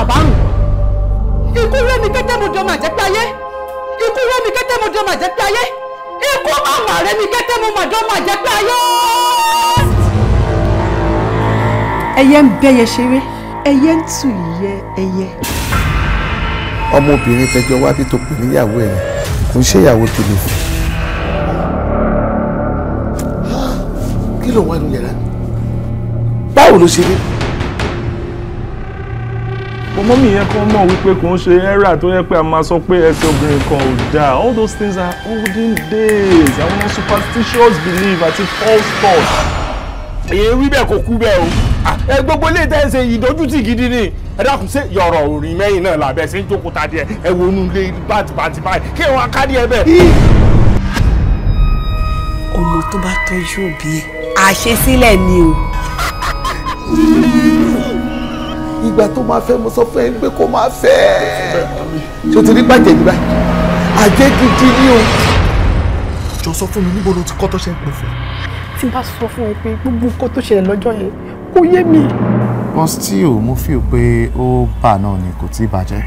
àbárùn ikú rẹ́mi kété mo dọ́mà jẹ́ pé ayé ikú rẹ́mi kété mo dọ́mà jẹ́ pé ayé ikú màmá rẹ́mi kété mo mà dọ́mà jẹ́ pé ayé. ẹyẹ ń bẹyẹ ṣeré ẹyẹ ń tù yẹ ẹyẹ. ọmọbìnrin tẹjọ wábí tó pè níyàwó ẹ kò ń ṣèyàwó tèmi fún. kí ló wà nínú yàrá báwo ló ṣe rí mọ́mí yẹn kan mọ̀ wípé kò ń ṣe ẹ́rà tó yẹ pé a máa sọ pé ẹsẹ̀ obìnrin kan ò dáa all those things are olden days àwọn superstitious belief àti false thoughts. èyí wí bẹ́ẹ̀ kò kú bẹ́ẹ̀ o ah, ẹ gbogbo ilé tẹ́ ẹ ṣe ìdójútì gidi ni ẹ dákun ṣe yọ̀rọ̀ òrìn mẹ́yìn náà làbẹ́ ṣe ń jókòó ta díẹ̀ ẹ wo inú ilé bàtìbàtì báyìí kí ẹ wá kárí ẹ bẹ́ẹ̀. ọmọ tó bá tọ́jú òbí ẹ̀ àṣesílẹ̀ ni o ìgbà tó máa fẹ́ mo sọ fún ẹ pé kó máa fẹ́ ẹ ṣé o ti rí bàjẹ́ nígbà àjẹ́ gidi ni o. jọ sọ fún mi níbo ló ti kọ́ tó ṣe ń pè fún. tí bá sọ fún ẹ pé gbogbo nǹkan tó ṣẹlẹ̀ lọ́jọ́ yẹn kò yé mi. wọ́n still mo fi hàn pé ó bà náà ni kò tí ì bàjẹ́.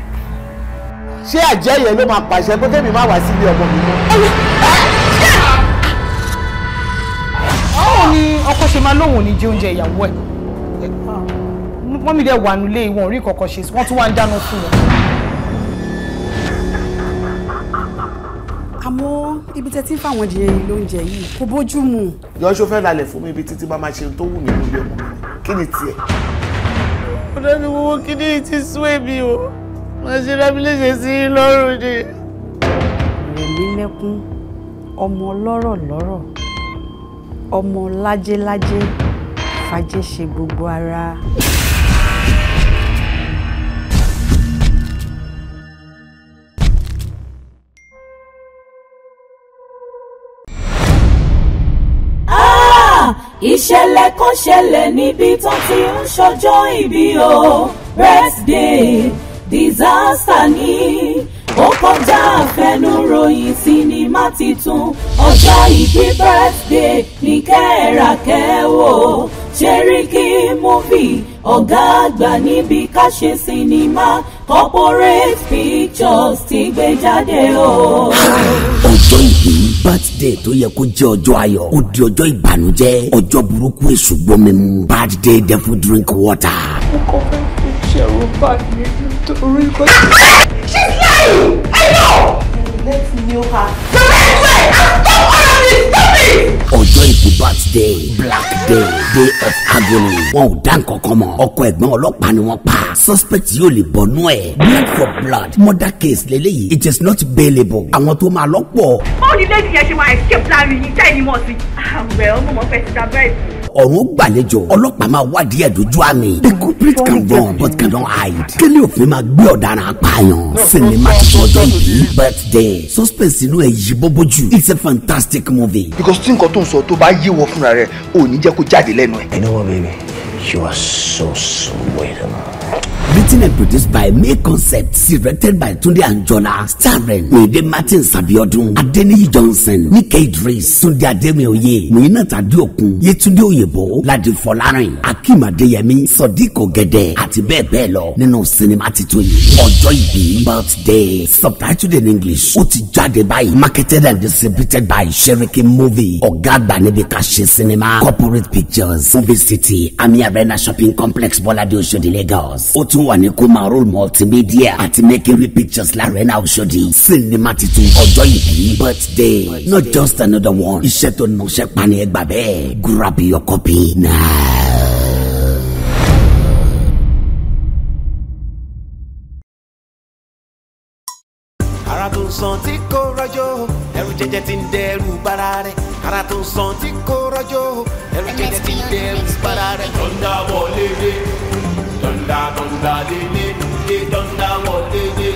ṣé àjẹ́ yẹn ló máa pàṣẹ pé kébì má wá sí ilé ọmọ mi mọ́. báwo ni ọkọ ṣe máa lóun ní jẹ oúnjẹ ìyàwó ẹ̀ mọ́mí dẹ̀ wà nílé ìwọ̀n orí kọ̀ọ̀kan ṣe wọ́n tún wá ń dáná fún wọn. àmọ́ ibi tẹ́ ti ń fáwọn jẹ lóúnjẹ yìí kò bójú mu. yọ̀ọ́sọ fẹ́ lálẹ́ fún mi ibi títí bá máa ṣe tó wù mí lórí ọmọ kí ni tiẹ̀. ọ̀dọ́ mi wo kí ni ti sún èmi o máa ṣe rábílẹ̀ṣẹ̀ sí i lọ́rùn ni. rẹ̀mí lẹ́kún ọmọ lọ́rọ̀ lọ́rọ̀ ọmọ lájẹ́lájẹ́ fàjẹ́ ṣe gbogbo ara. ìṣẹ̀lẹ̀ kan ṣẹlẹ̀ níbi tán ti ń ṣọjọ́ ìbí o birthday disaster ni ó kọjá àfẹnuròyìn sinimá titun ọjọ́ ìbí birthday ní kẹ́ẹ̀rakẹ́ wò ṣeríkì movie ọ̀gá àgbà níbi ká ṣe sinimá corporate pictures ti gbé jáde o. ọjọ́ ìbí birthday tó yẹ kó jẹ́ ọjọ́ ayọ̀ ó di ọjọ́ ìbànújẹ́ ọjọ́ burúkú èṣù gbọ́mi mu bad day devil drink water. mo kọ́ fẹ́ fi ṣẹ̀rọ bá mi nítorí kọ́. she's lying I know. let me know her. the best way I'm don't want ọjọ́ ìkú birthday black day day of agony wọn ò dá nǹkan kan mọ̀ ọkọ ẹ̀gbọ́n ọlọ́pàá ni wọ́n pa suspect yóò lè bọ̀nú ẹ̀ blood for blood murder case lélẹ́yìí it is not bailable àwọn tó máa lọ́pọ̀. báwo ni lẹ́yìn yẹn ṣe máa escape láàrin yìí tẹ́ ẹ̀yìn mọ̀ sí. àwẹ̀ ah, ọmọ mọ̀ fẹ́ ti ta bẹ́ẹ̀ sí ọ̀run gbàlejò ọlọ́pàá máa wádìí ẹ̀ àmì the culprit can run but cannot hide kélé òfin máa gbé ọ̀daràn apààyàn sinimá ọjọ́ ìbí birthday suspense inú ẹ̀ yí bọ́bọ́jú it's a fantastic movie. because tí nǹkan tó ń sọ tó bá yé wọ fúnra rẹ ò ní jẹ́ kó jáde lẹ́nu ẹ̀. you know what baby you are so sweet written and produced by Me Concept, directed by Tunde Anjola starring Mide Martin Sabiodun Adeniyi Johnson Nike Idris Tunde Ademioye Muinat Adiokun Yetunde Oyebo Ladi Akim Adeyemi Sodiq Gede, àti bẹ́ẹ̀ bẹ́ẹ̀ lọ nínú sinimá titun yìí ọjọ́ ìbí birthday subtitled in English ó ti jáde báyìí marketed and distributed by Sheriki Movie ọ̀gá àgbà níbi ká ṣe sinimá corporate pictures movie city Ami shopping complex Bọ́ládé Oṣòdì Lagos ó tún wà ní. Anikuma roll multimedia àti mercury pictures larena Oshodi sinima titun ọjọ́ ìbí birthday not just another one iṣẹ́ tó nà ṣe pani ẹgbà bẹ́ẹ̀ grab your copy now. ara tó sàn tí kò rọjò ẹrù jẹjẹ ti ń dẹrù bara rẹ̀ ara tó sàn tí kò rọjò ẹrù jẹjẹ ti ń dẹrù bara rẹ̀. ọ̀nà wọlé dé. thunder, thunder, they did. They thunder what they did.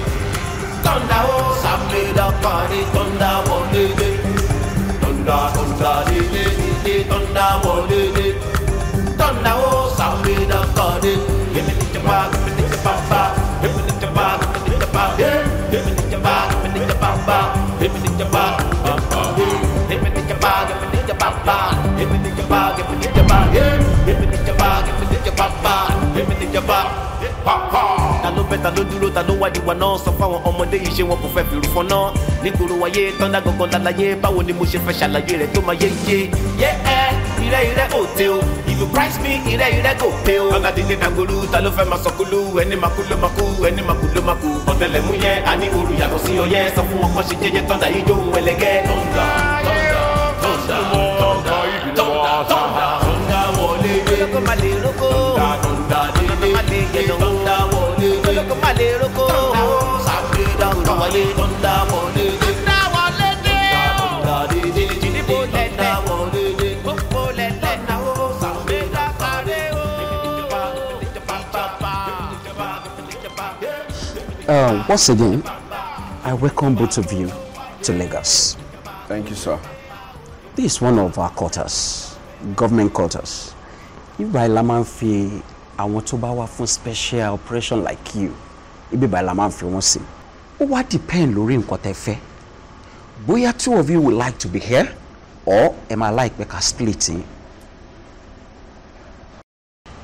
Thunder, oh, Sam made a party. Thunder what they did. Thunder, thunder, they did. They thunder what they did. Thunder, oh, Sam made a party. Give me the chapa, give me the papa. Give me the chapa, give me the papa. Give me the chapa, give me the papa. Give me the chapa, give me the papa. Give me the chapa, give me the papa. Give me the chapa, give me the papa. bá ta ló bẹ́ ló dúró ta ló wádìí wa náà sọ fáwọn ọmọdé yìí ṣé wọn kò fẹ́ fìrù fún náà nígboro ayé tọ́ndà gangan lálàyé báwo ni mo ṣe fẹ́ ṣàlàyé rẹ̀ tó máa yé iye yé ẹ ìrẹ́ ìrẹ́ ò tẹ o if you price me ìrẹ́ ìrẹ́ kò pé o. ọ̀gá dídé dagolu ta ló fẹ́ máa sọ kúlú ẹni máa kú ló máa kú ẹni máa kú ló máa kú. ọ̀tẹlẹ̀múyẹ́ a ní yàtọ̀ sí ọyẹ́ sọ fún wọn kọ́ ṣe jẹ́jẹ́ tọ́ndà yìí jóhun ẹlẹ́gẹ́. tọ́ndà tọ́ndà tọ́ndà tọ́ndà tọ́ndà tọ́ndà wọlé wọlé tó ń dá wọlé dé. tó ń wọlé dé o. tó ń dá dé dé jíde tó ń dá wọlé dé. gbogbo lẹ́lẹ̀ náwó sàmé dákàrẹ́ o. Uh, once again, I welcome both of you to Lagos. Thank you, sir. This is one of our quarters, government quarters. Ibà la máa ń fi àwọn tó bá wá fún special operation like you, Ibi la máa ń fi wọ́n sí ó wá depend lórí nǹkan tẹ́ fẹ́ bóyá two of you would like to be here or ẹ máa láìpẹ́ ká split yín.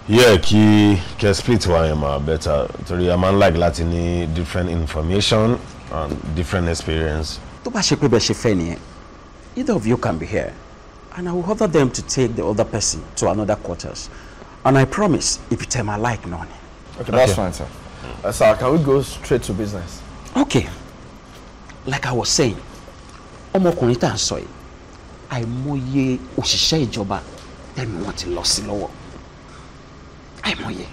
yẹ kí kẹ split wa yẹn máa better torí a máa ń like láti ní different information and different experience. tó bá ṣe pé bẹ́ẹ̀ ṣe fẹ́ nìyẹn either of you can be here and I will order them to take the other person to another quarters and I promise if you tell my like none. okay that's okay. fine sir. Uh, sir can we go straight to business okay like i was saying ọmọkùnrin tá à ń sọ yìí àìmọye òṣìṣẹ́ ìjọba tẹ̀mí wọn ti lọ sí lọ́wọ́ àìmọye.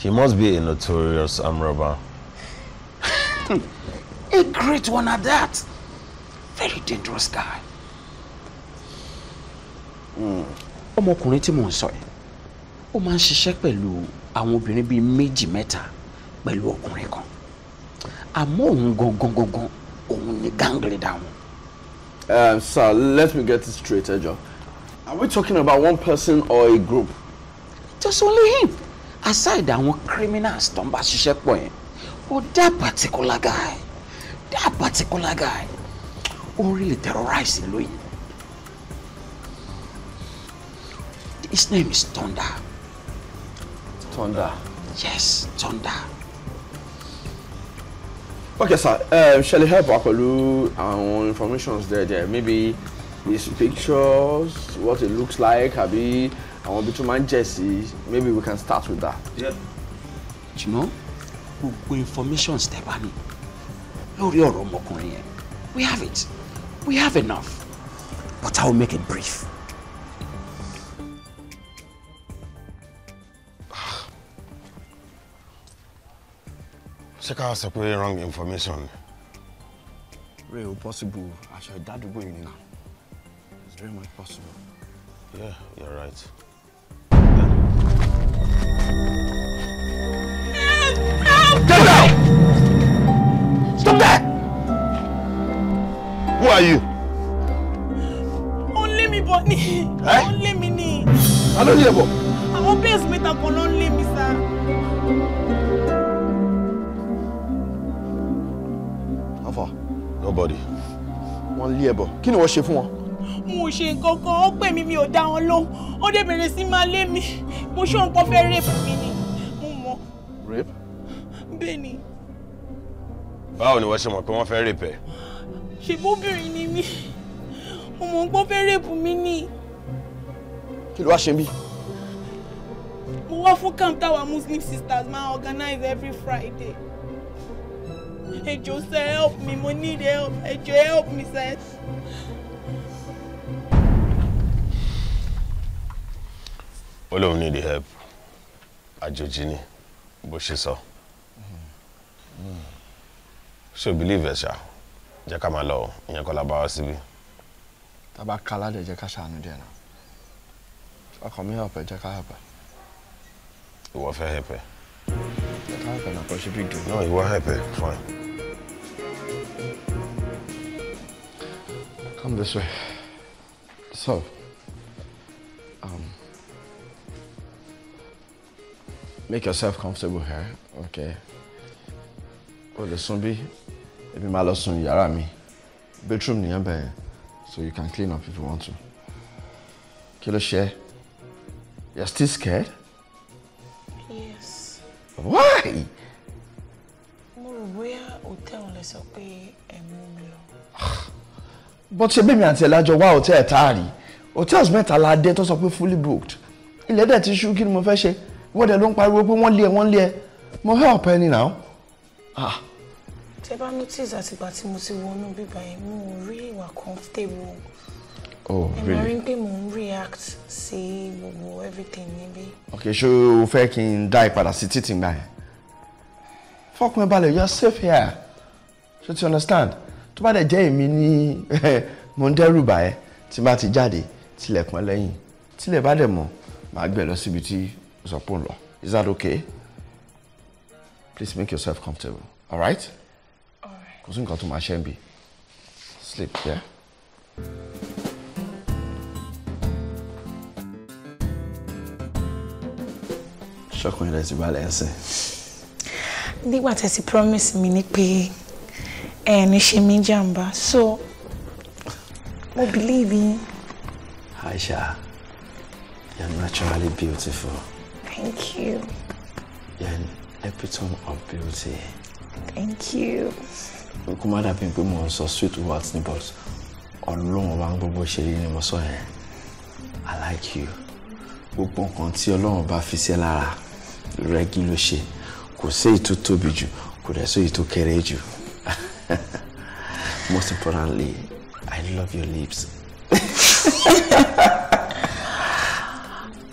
he must be a notorious arm robber. a great one at that very dangerous guy. Hmm. ọmọkùnrin tí mò ń sọ yìí ó máa ń ṣiṣẹ́ pẹ̀lú àwọn obìnrin bíi méjì mẹ́ta pẹ̀lú ọkùnrin kan àmọ́ òun gangan òun ni gang leader wọn. Um, sir, let me get this straight, Ejo. Are we talking about one person or a group? Just only him. Aside àwọn criminals tó ń bá ṣiṣẹ́ pọ̀ yẹn, oh that particular guy, that particular guy, ó oh, really terrorize ìlú yìí. His name is Thunder. Thunder? Yes, Thunder okay sir um, eh, ṣe lè help wa on àwọn informations there there maybe his pictures what it looks like àbí àwọn ibi tó máa ń jẹ́ maybe we can start with that. ṣùgbọ́n gbogbo information tẹ́ bá ní lórí ọ̀rọ̀ ọmọkùnrin yẹn we have it we have enough but I will make it brief. ṣé ká sọ pé wrong information ni. ray o possible aṣọ ìdádúgbò yìí nìyà it's very much possible. yeah you're right. Yeah. Get down! Stop that! Who are you? Only me, Bonnie. Eh? Only me, ni. I don't hear what. I'm bẹ́ẹ̀sì mi ta kan ló ń lé nobody wọ́n lé ẹ̀bọ̀ kí ni wọ́n ṣe fún wọn. mo ṣe nǹkan kan ó pè mí mi ò dá wọn lóhùn ó dé bẹ̀rẹ̀ sí máa lé mi mo ṣe nǹkan fẹ́ rape mi ni mo mọ̀. rape. bẹ́ẹ̀ ni. báwo ni wọ́n ṣe mọ̀ pé wọ́n fẹ́ rape ẹ̀. ṣèbóbìnrin ni mí mo mọ̀ fẹ́ rape mi ni. kí ló wá ṣe mí. mo wá fún camp táwa muslim sisters máa organize every friday ẹjọ sẹ help me mo need help ẹjọ help me sẹ. We don't need help àjòjì ni bó ṣe sọ ṣé o believe us, ṣá jẹ́ malo, máa lọ ọ ìyẹn kọ́ la bá wá síbí. tábà ká aládé jẹ́ ká ṣàánú díẹ̀ náà ọkàn mi help ẹ jẹ́ ká help No, ìwọ fẹ́ fine. Come this way. So, um, make yourself comfortable here, okay? Oh, the sùn bí ebi máa lọ sùn yàrá mi. Bedroom nìyẹn bẹ̀yẹn, so you can clean up if you want to. Kí ló You're still scared? Yes. Why? Mo rò bóyá òtẹ́wọ̀n lè sọ pé ẹ̀ mú mi lọ. Ah bó ti ṣe bẹ́ẹ̀ mi àti ẹ̀ lájọ wá hòtẹ́ẹ̀ tá a rí hòtẹ́ẹ̀s mẹ́ta la dé tó sọ pé fully booked ilẹ̀ dẹ̀ ti ṣú kí ni mo fẹ́ ṣe wọ́n dẹ̀ ló ń pariwo pé wọ́n lé ẹ wọ́n lé ẹ mo fẹ́ ọ̀pẹ ni now. Ah. tẹ bá notice àtìgbà tí mo ti wọnú bíbá yẹn mo ò rí ìwà comfortable oh really ẹ máa rí pé mo ń react sí gbogbo everything níbí. ok ṣé o fẹ́ kí n dá ìpadà sí títì gbà yẹn fọkùnrin balẹ̀ you are safe here so you understand tó bá dẹ̀ jẹ́ èmi ní mo ń dẹ́rù bà ẹ́ tí bá ti jáde tilẹ̀ lẹ́yìn tilẹ̀ bá dẹ̀ mọ̀ màá gbẹ̀ lọ síbi tí sọ̀pọ̀ lọ is that okay please make yourself comfortable all right kò sí nǹkan tó máa ṣe ń bì sleep there. Yeah? ṣọkùnrin rẹ ti balẹ̀ ẹsẹ̀. nígbà tẹ́ ti promise mi ni pé ẹ ní ṣe mí jàǹbá so mo believe in. Aisha, you are naturally beautiful. Thank you. You are an epitome of beauty. Thank you. O kò má dàbí pé mo sọ sweet words ni but Ọlọ́run bá ń gbogbo ṣe rí ni mo sọ yẹn. I like you. Gbogbo nǹkan tí Ọlọ́run bá fi sí lára rẹ́gí ló ṣe. Kò sí èyí tó tóbi jù, kò dẹ̀ sí èyí tó kéré jù. Most importantly, I love your lips.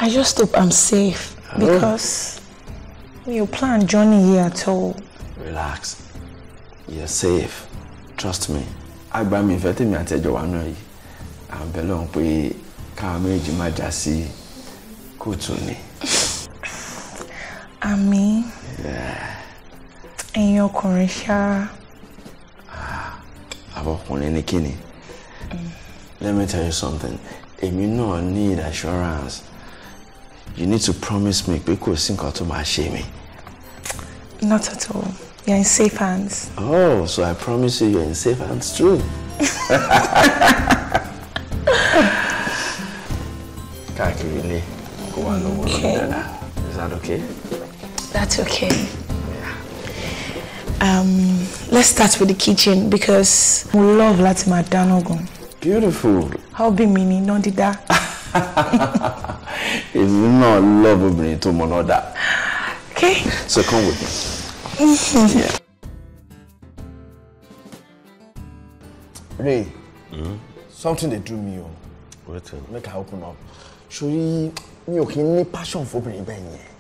I just hope I'm safe oh. because your plan journey here at all. Relax. You're safe. Trust me. I mi me tèmi me ẹjọ́ wa náà yìí. belong ń bẹ lọ́hùn pé káwọn méjì má já sí kóòtù àbọ̀kùnrin ni kíni mm. let me tell you something èmi náà need assurance you need to promise me pé kò sí nǹkan tó máa ṣe mí. not at all you're in safe hands. oh so I promise you you're in safe hands too. káàkiri ilé kó wà lówó lórí dada is that okay. that's okay. Um, let's start with the kitchen because we love láti máa dáná Beautiful. How mi mini? iná dídá. Èmi náà love obìnrin tó mọ náà Okay. So come with me. Mm-hmm. yeah. Ray, mm? something they do me Wait a minute. Make I open up. Ṣorí mi ò kí ní passion for obìnrin bẹ́ẹ̀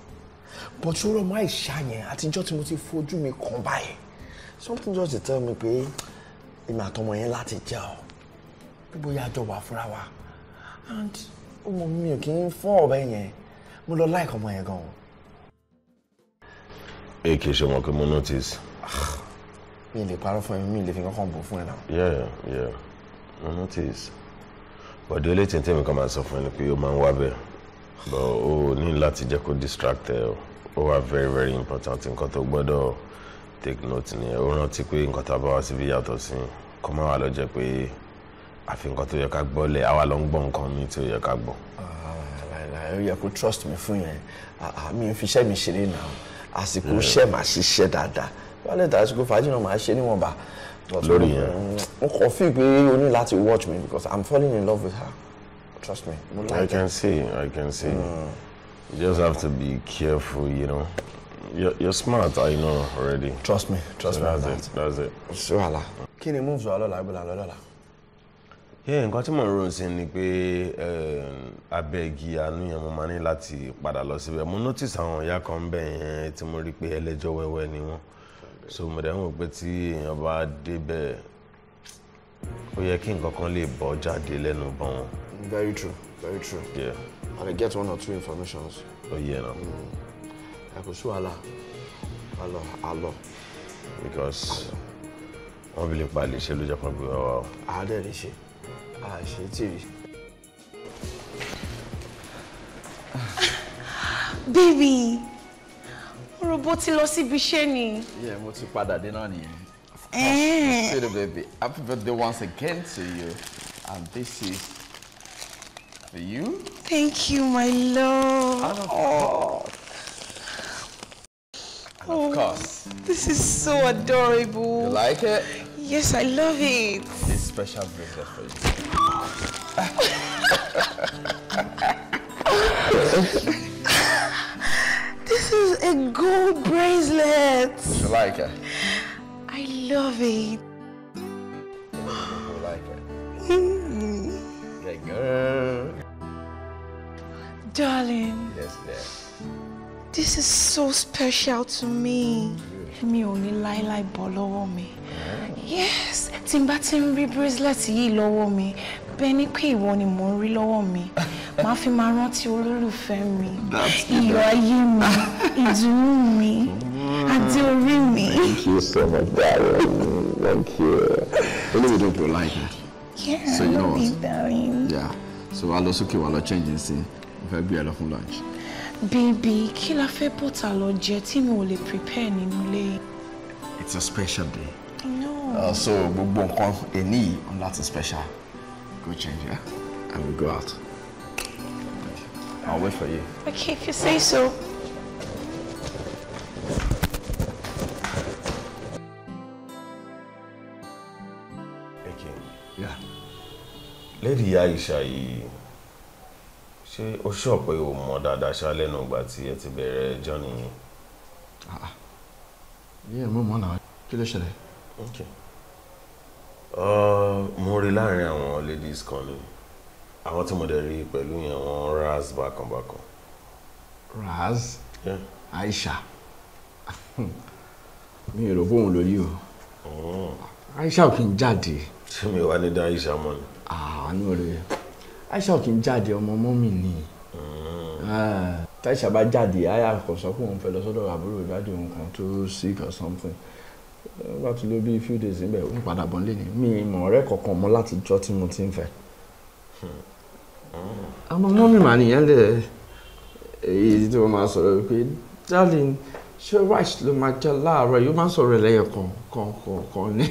but ṣòro máa ìṣá yẹn àtijọ́ tí mo ti fojú mi kàn báyìí something just tell me pé èmi àtọmọ yẹn láti jẹ ọ pé bóyá àjọ wà fúnra wa and ọmọ mi ò kì í fọ́ ọ̀bẹ yẹn mo lọ láìka ọmọ yẹn gan-an. kì í ṣe wọn kí mo notice. mi lè parọ́ fún ẹ mi lè fi kankan bò fún ẹ náà. yeah yeah mo notice But olè tí n tẹ́ mi kan máa sọ fún ẹ ni pé ó máa ń wá bẹ́ẹ̀ but o ní láti jẹ́ kó distract ẹ o ó wà very very important nǹkan tó gbọ́dọ̀ take note ni ó rántí pé nǹkan tá a bá wá síbi yàtọ̀ sí kó má wà lọ jẹ́ pé àfi nǹkan tó yẹ ká gbọ́ lẹ̀ àwa ló ń gbọ́ nǹkan mi tó yẹ ká gbọ́. Ah, ó yẹ kó trust mi fún yẹn ah, ah, mi ń fi iṣẹ́ mi ṣeré náà àsìkò iṣẹ́ màá ṣiṣẹ́ dáadáa wálé tàṣíkò fàájì náà màá ṣe níwọ̀nba. lórí yẹn. mo kàn fi pé o ní láti watch me because i'm falling in love with her. Trust me. Like I can that. see. I can see. Mm. You just have to be careful, you know. You're, you're smart, I know already. Trust me. Trust so me. That's it. That's it. Suhala. Kí ni moves Alola Ibola Alola? Yeah, nǹkan tí mo ń ròyìn sí ni pé eh, abẹ́gi àánú yẹn mo máa ní láti padà lọ síbẹ̀. Mo notice àwọn ìyá kan bẹ̀ yẹn tí mo rí pé ẹlẹ́jọ́ So mo dẹ̀ ń wò pé tí èèyàn bá débẹ̀, ó yẹ kí nǹkan kan Very true, very true. Yeah. And I get one or two informations. Oh yeah, no. I go show Allah, Allah, Allah. Because wọ́n bí lè pa lè ṣe ló jẹ́ pọ́n I wa o. Àádẹ́ lè ṣe, àṣe Baby, Orobo ti bisheni. Yeah, mo ti padà dé náà nìyẹn. Of course, eh. baby, happy birthday once again to you. And this is For you? Thank you, my love. And of oh. oh. of course. This is so adorable. You like it? Yes, I love it. This special bracelet for you. this is a gold bracelet. You like it? I love it. You like it? Mm. Good girl. Darling. Yes, dear. This is so special to me. Me only ní láíláí bọ́ lọ́wọ́ Yes, timba n bracelet yìí lọ́wọ́ mi, bẹ́ẹ̀ ni pé ìwọ ni mò ń rí lọ́wọ́ mi. Màá fi máa rántí olólùfẹ́ mi, iyọ̀ ayé mi, ìdùnnú mi, àti mm. orí Thank you so much, darling. Thank you. Only Olúwo dùn like láìpẹ́. Yeah, so, you, know, darling. Yeah, so I'll also keep wa lọ change nsìn fẹ́ gbé ẹ lọ fún lunch. bèbè kí la fẹ́ bọ́tà lọ jẹ tí mi ò lè prepare nínú ilé. it's a special day. no. Uh, so gbogbo nǹkan èní yìí on that special go change yeah? and we go out. I'll wait for you. Okay, if you say so. Okay. Yeah. Lady Aisha yìí ṣé o ṣọ pé o mọ dáadáa ṣá lẹ́nu ìgbà tí ẹ ti bẹ̀rẹ̀ jọ́nì yẹn. yíyẹ mú mọ́ náà kí ló ṣẹlẹ̀. mo rí láàrin àwọn ladies kan ni àwọn tí mo dẹ̀ rí pẹ̀lú yẹn wọ́n raz bákanbákan. raz aisha mi ò rò pé òun lórí o oh. aisha ò kí n jáde. ṣé mi wá ní dá aisha mọ́ ni. Ah, àánú rẹ̀. Aisha ò kì í jáde ọmọ mọ́mì ni mm. ah, táìsà bá jáde àyà kò sọ pé òun fẹ́ lọ sọ́dọ̀ àbúrò ìgbádùn òun kan tó sick or something nígbà tó ló bí few days níbẹ̀ ó ń padà bọ̀ nílé ni mi ìmọ̀ ọ̀rẹ́ kankan mọ́ láti jọ́ tí mo ti ń fẹ́. àmọ́ hmm. mọ́mì màá nìyẹn lẹ̀ èyí tí wọ́n máa sọ̀rọ̀ pé darling ṣé rice ló máa jẹ́ láàárọ̀ yóò máa sọ̀rọ̀ ẹlẹ́yọ̀ kan kan kan kan ní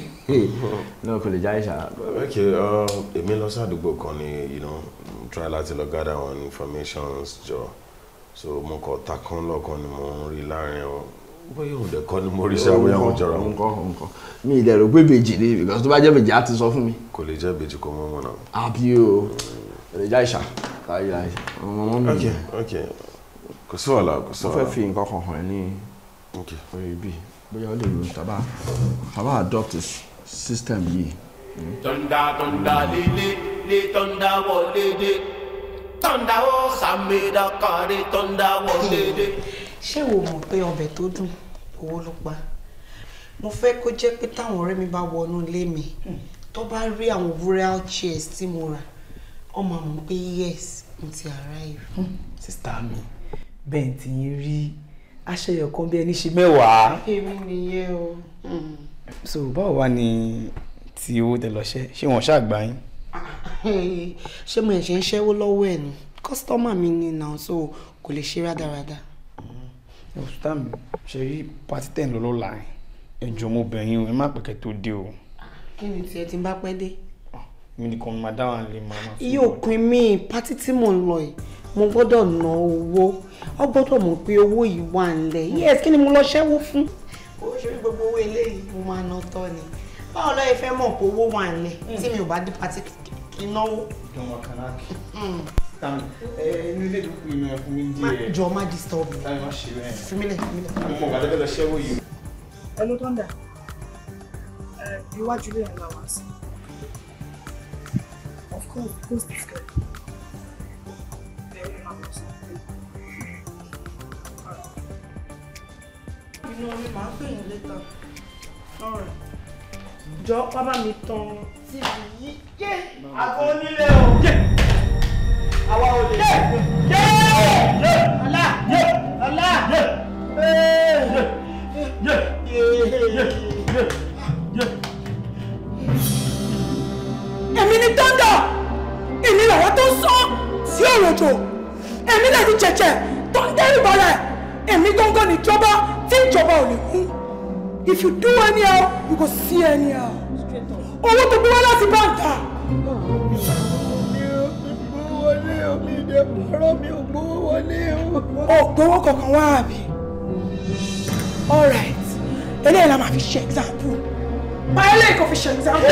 náà kò lè já ìṣá. ok um, èmi lọ sádùúgbò kan ni you know try láti lọ gather one informations jọ so mo kọ takán lọ́kàn ni mo ń rí láàrin wọn bóyá òun dẹ̀ kọ́ ni mo rí sí àwọn àwọn jọra wọn. nǹkan nǹkan mi ì dẹ̀rọ pé bèjì ni because tó bá jẹ́ bèjì á ti sọ fún mi. kò lè jẹ́ bèjì kò mọ́ mọ́ náà. àbí o lè já ìṣà láyé láyé ọmọ ọmọ mi. ok ok kò sí wàhálà kò sí wàhálà. mo fẹ́ fi nǹkan kan hàn ẹ́ ní orí bíi bóyá ó lè ro tàbá tàbá adopt system yìí. tọ́ndà tọ́ndà lílé lé tọ́ndà wọlé dé tọ́ndà ó sàmìlà kàrí tọ́ndà wọlé dé. ṣé wo mọ̀ pé ọbẹ̀ tó dùn owó ló pa mo fẹ́ kó jẹ́ pé táwọn ọ̀rẹ́ mi bá wọnú ilé mi tó bá rí àwọn rural chairs tí mo rà wọ́n máa mọ̀ pé yes mo ti arrive. sista mi bẹ́ẹ̀ ti ń rí aṣẹyọ kan bí ẹni ṣe mẹ́wàá. èmi nìyẹn o. Hmm. so báwo wá ni ti owó tẹ lọ ṣe ṣé wọn ṣáà gbà yín. ṣé mo ẹ̀ṣẹ̀ ń ṣẹ́wó lọ́wọ́ ẹ̀ ni kọ́sítọ́mà mi ni náà so kò lè ṣe rádaràda. òṣùtà hmm. mi ṣe rí pátí tẹ̀ ń lọ lọ́la ẹ̀ jọ̀ọ́ mo bẹ̀ yín o ẹ má pẹ̀kẹ́ tó dé o. kí ni tiẹ̀ ti bá pẹ́ dé mi nìkan mi máa dá wà nílé máa máa fi. iye òpin mi pátí tí mò ń lọ yìí mo gbọ́dọ̀ ná owó ọ gbọ́dọ̀ mọ̀ pé owó yìí wà nílẹ̀ yes kí ni mo lọ ṣẹ́wó fún. ó ṣe gbogbo owó eléyìí mo máa ná tọ́ ni báwo lọ́ọ́ fẹ́ mọ̀ pé owó wà nílẹ̀ tí mi ò bá dé pátí kí n náwó. ìjọba kanáàkì hmm. nílé ìlú kùnú ẹ fún mi díẹ̀. jọ má disturb mi. táyọ̀ má ṣe bẹ́ẹ̀. fúnmílẹ̀ fúnmílẹ̀. mo mọ̀ bàdébẹ̀ ṣẹ́wó yìí. ẹ ló tọ́ ń dà iwájú lè ń la wá sí i course, because this girl. You know me, máa pè yín later. All right. Jọ̀ọ́ wá bá mi tan TV yìí. Yé! Àgọ́ onílé o. Yé! Àwa ò lè. Yé! Yé! Ọlá! Yé! Ọlá! Yé! Yé! Yé! Yé! Yé! Yé! èmi ni tọ́ndà èmi làwọn tó ń sọ sí òròjò èmi lè ní tó ń dẹ́rù balẹ̀ èmi gángan níjọba tí ìjọba ò lè mú if you do anyhow you go see anyhow owó tó gbé wá láti báńkà. o gbowó kankan wá àbí all right eléyìí la máa fi ṣe example pa eléyìí kò fi ṣe example.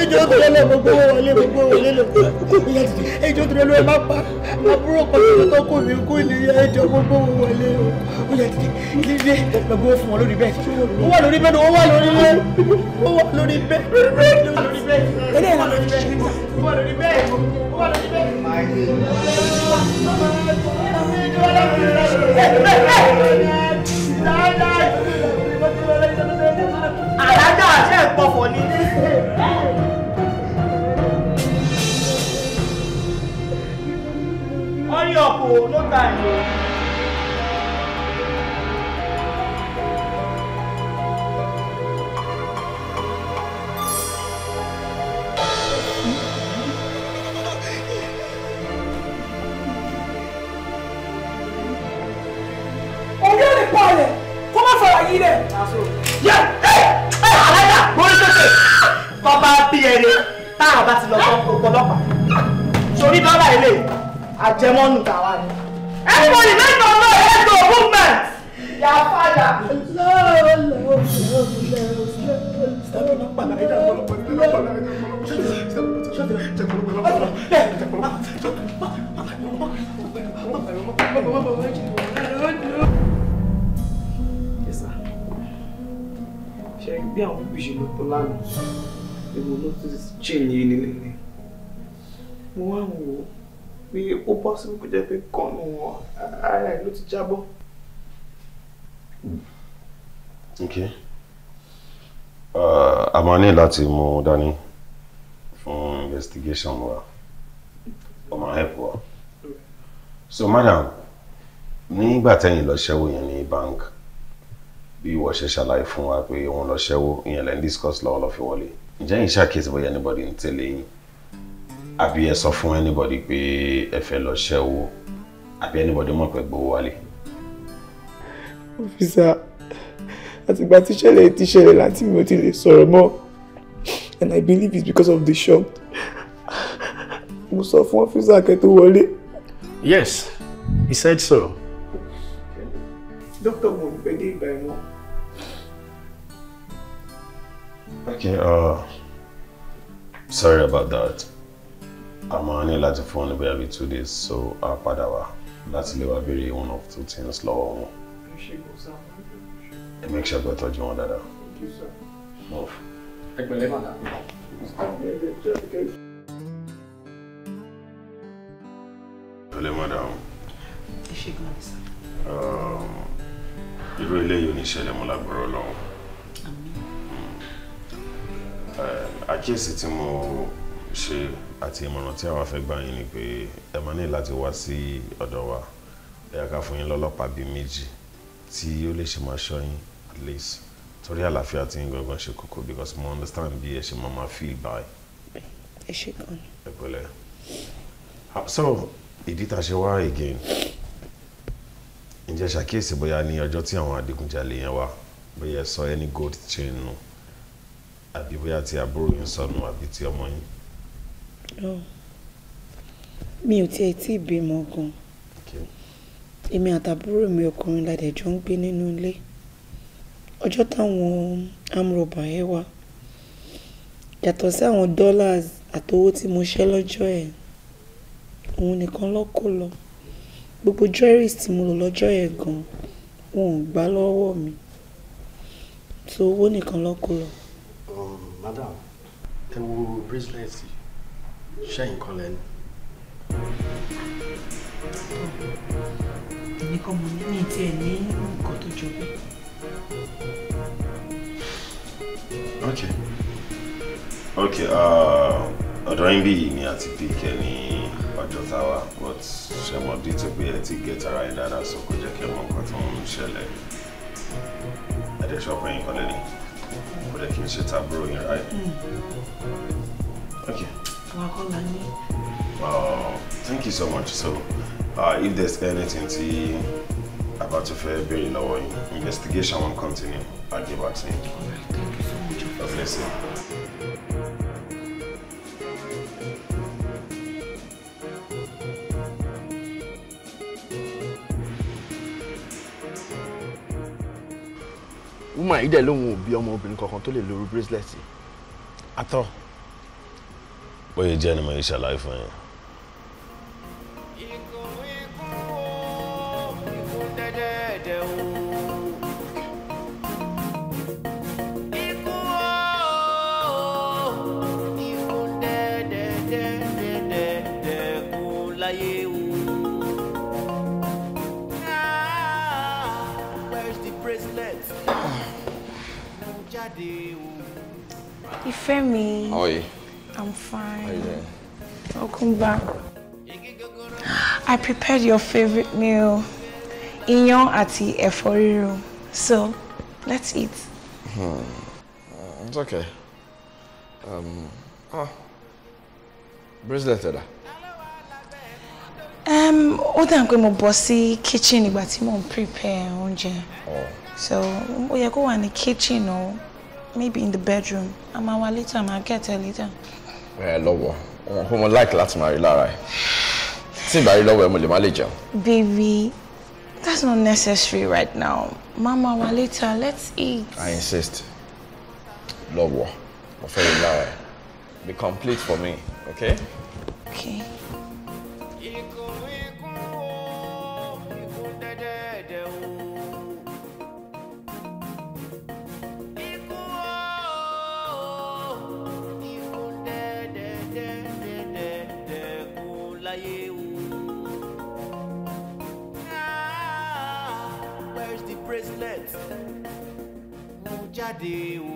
ejò tó lọ gbogbo wọlé gbogbo wọlé lọ ejò tó lọ má pa àbúrò kan tó kù mí kú ní ejò gbogbo wọlé o ó yẹ ti ilé ilé gbogbo fún wọn lórí bẹ́ẹ̀ ó wà lórí bẹ́ẹ̀ ó wà lórí bẹ́ẹ̀ ó wà lórí bẹ́ẹ̀ ó wà lórí bẹ́ẹ̀ ó wà lórí bẹ́ẹ̀ ó wà lórí bẹ́ẹ̀ ó wà lórí bẹ́ẹ̀ àlájà àṣẹ ìpọ̀fọ̀ ni. ọyọ̀ kò ló ta ìlú. àjẹmọ́nù tàwa ni. everybody make no noise let's go movement. ya fada. ṣe bí àwọn òbí ṣe lọ tó lánàá ìwọ ló ti ṣe ní ilé possible kó jẹ́ pé kọ́nù wọn ara ẹ̀ ló ti jábọ́. okay uh, a máa ní láti mú dání fún investigation wa ó máa help wa so madam nígbà tẹ́yìn lọ ṣẹ́wó yẹn ní bank bí wọ́n ṣe ṣàlàyé fún wa pé òun lọ ṣẹ́wó ìyẹn lẹ́yìn discuss lọ́wọ́ lọ́ fi wọlé ǹjẹ́ yìí ṣàkíyèsí bóyá anybody ń tẹ̀lé yín àbí ẹ sọ fún anybody pé ẹ fẹ́ lọ ṣẹ́wó àbí anybody mọ̀ pé gbowó wálé. ọ̀fíìsà àtìgbà tí ìṣẹ̀lẹ̀ ti ṣẹlẹ̀ láti mi ò ti lè sọ̀rọ̀ mọ́ and I believe it's because of the shock mo sọ fún ọ̀fíìsà kẹ́ tó wọlé. yes he said so. dókítà mo gbẹ́ dé ìgbà ẹ̀wọ̀n. okay uh, sorry about that a máa ní láti fún wọn ní bóyá bíi two days so a padà wá láti lè wá béèrè one of two things lọ́wọ́ wọn. ẹ make sure pé tọ́jú wọn dáadáa. ẹgbẹ̀lẹ́ màdà. ẹgbẹ̀lẹ́ o. ẹ ṣe gan ni sá. irú eléyìí ò ní ṣẹlẹ̀ mọ́ lágbóró lọ́wọ́. Um, àkíyèsí tí mo ṣe àti ìmọ̀ràn tí àwa fẹ́ gbà yín ni pé ẹ máa ní láti wá sí ọ̀dọ̀ wa ẹ̀yà ká fún yín lọ́lọ́pàá bíi méjì tí ó lè ṣe máa ṣọ́ yín at least torí àlàáfíà tí yín gangan ṣe kókó because mo understand bí ẹ ṣe máa máa feel by. ẹ ṣe gan. ẹ pẹ̀lẹ́ ah, so ìdí tá a ṣe wá again ǹjẹ́ ṣàkíyèsí bóyá ní ọjọ́ tí àwọn adigunjalè yẹn wá bóyá ẹ sọ any gold chain nù àbí bóyá ti àbúrò yín sọnù àbí ti ọmọ yín mi ò tiẹ̀ tí ì bímọ gan èmi àtàbúrò mi ọkùnrin ládẹjọ́ ń gbé nínú ilé ọjọ́ táwọn amúrọ̀bà ẹ wá yàtọ̀ sí àwọn dollars àtowó tí mo ṣẹ́ lọ́jọ́ ẹ̀ òun nìkan ló kó lọ gbogbo jewelries tí mo lò lọ́jọ́ yẹn gan wọn ò gbà lọ́wọ́ mi so owó nìkan ló lọ. Um, madam ẹ wo bracelet yìí ṣẹ́yìn kan lẹ́nu. èmi kọ́ mo ní ní tiẹ̀ ní nǹkan tó jọ bẹ́ẹ̀. ok ok uh, ọ̀dọ̀ yín bí mi àti píkẹ́ ní ọjọ́ táwa but ṣe mọ̀ bí tó pé ẹ ti gé tara ẹ dáadáa sọ kó jẹ́ kẹ́ mọ̀ nǹkan tó ń ṣẹlẹ̀ ẹ̀dẹ̀ṣọ́ pé yín kan lẹ́nu kó dẹ̀ kí n ṣe tábúrò yín ráì. Hmm. okay. Uh, thank you so much. So, uh, if there's anything to about to fair very our investigation will continue, I'll give back to you. Alright, thank you so much. God bless you. woman yìí dẹ̀ lóhun òbí ọmọbìnrin kankan tó lè lo bracelet àtọ bóyá jẹ́ ni mo yẹ ṣàlàyé fún yín. Ìfẹ́ mi. How are you? I'm fine. How are you doing? Welcome back. I prepared your favorite meal, iyán ati ẹ̀fọ́ So, let's eat. Hmm. Uh, it's okay. Um, ah, bracelet ẹ̀dá. Um, ó dà pé mo bọ̀ kitchen ìgbà tí mo ń prepare oúnjẹ. Oh. So, ó yẹ kó wà kitchen o, maybe in the bedroom. I'm out later, I'll get there later ẹ eh, lọ́wọ́ ọmọ eh, pé mo like láti máa rí lára ẹ tí ìbá rí lọ́wọ́ ẹ mo lè má lè jẹun. baby that's not necessary right now mama wa later let's eat. i insist lọ́wọ́ mo fẹ́ rí lára ẹ be complete for me okay. okay. dé o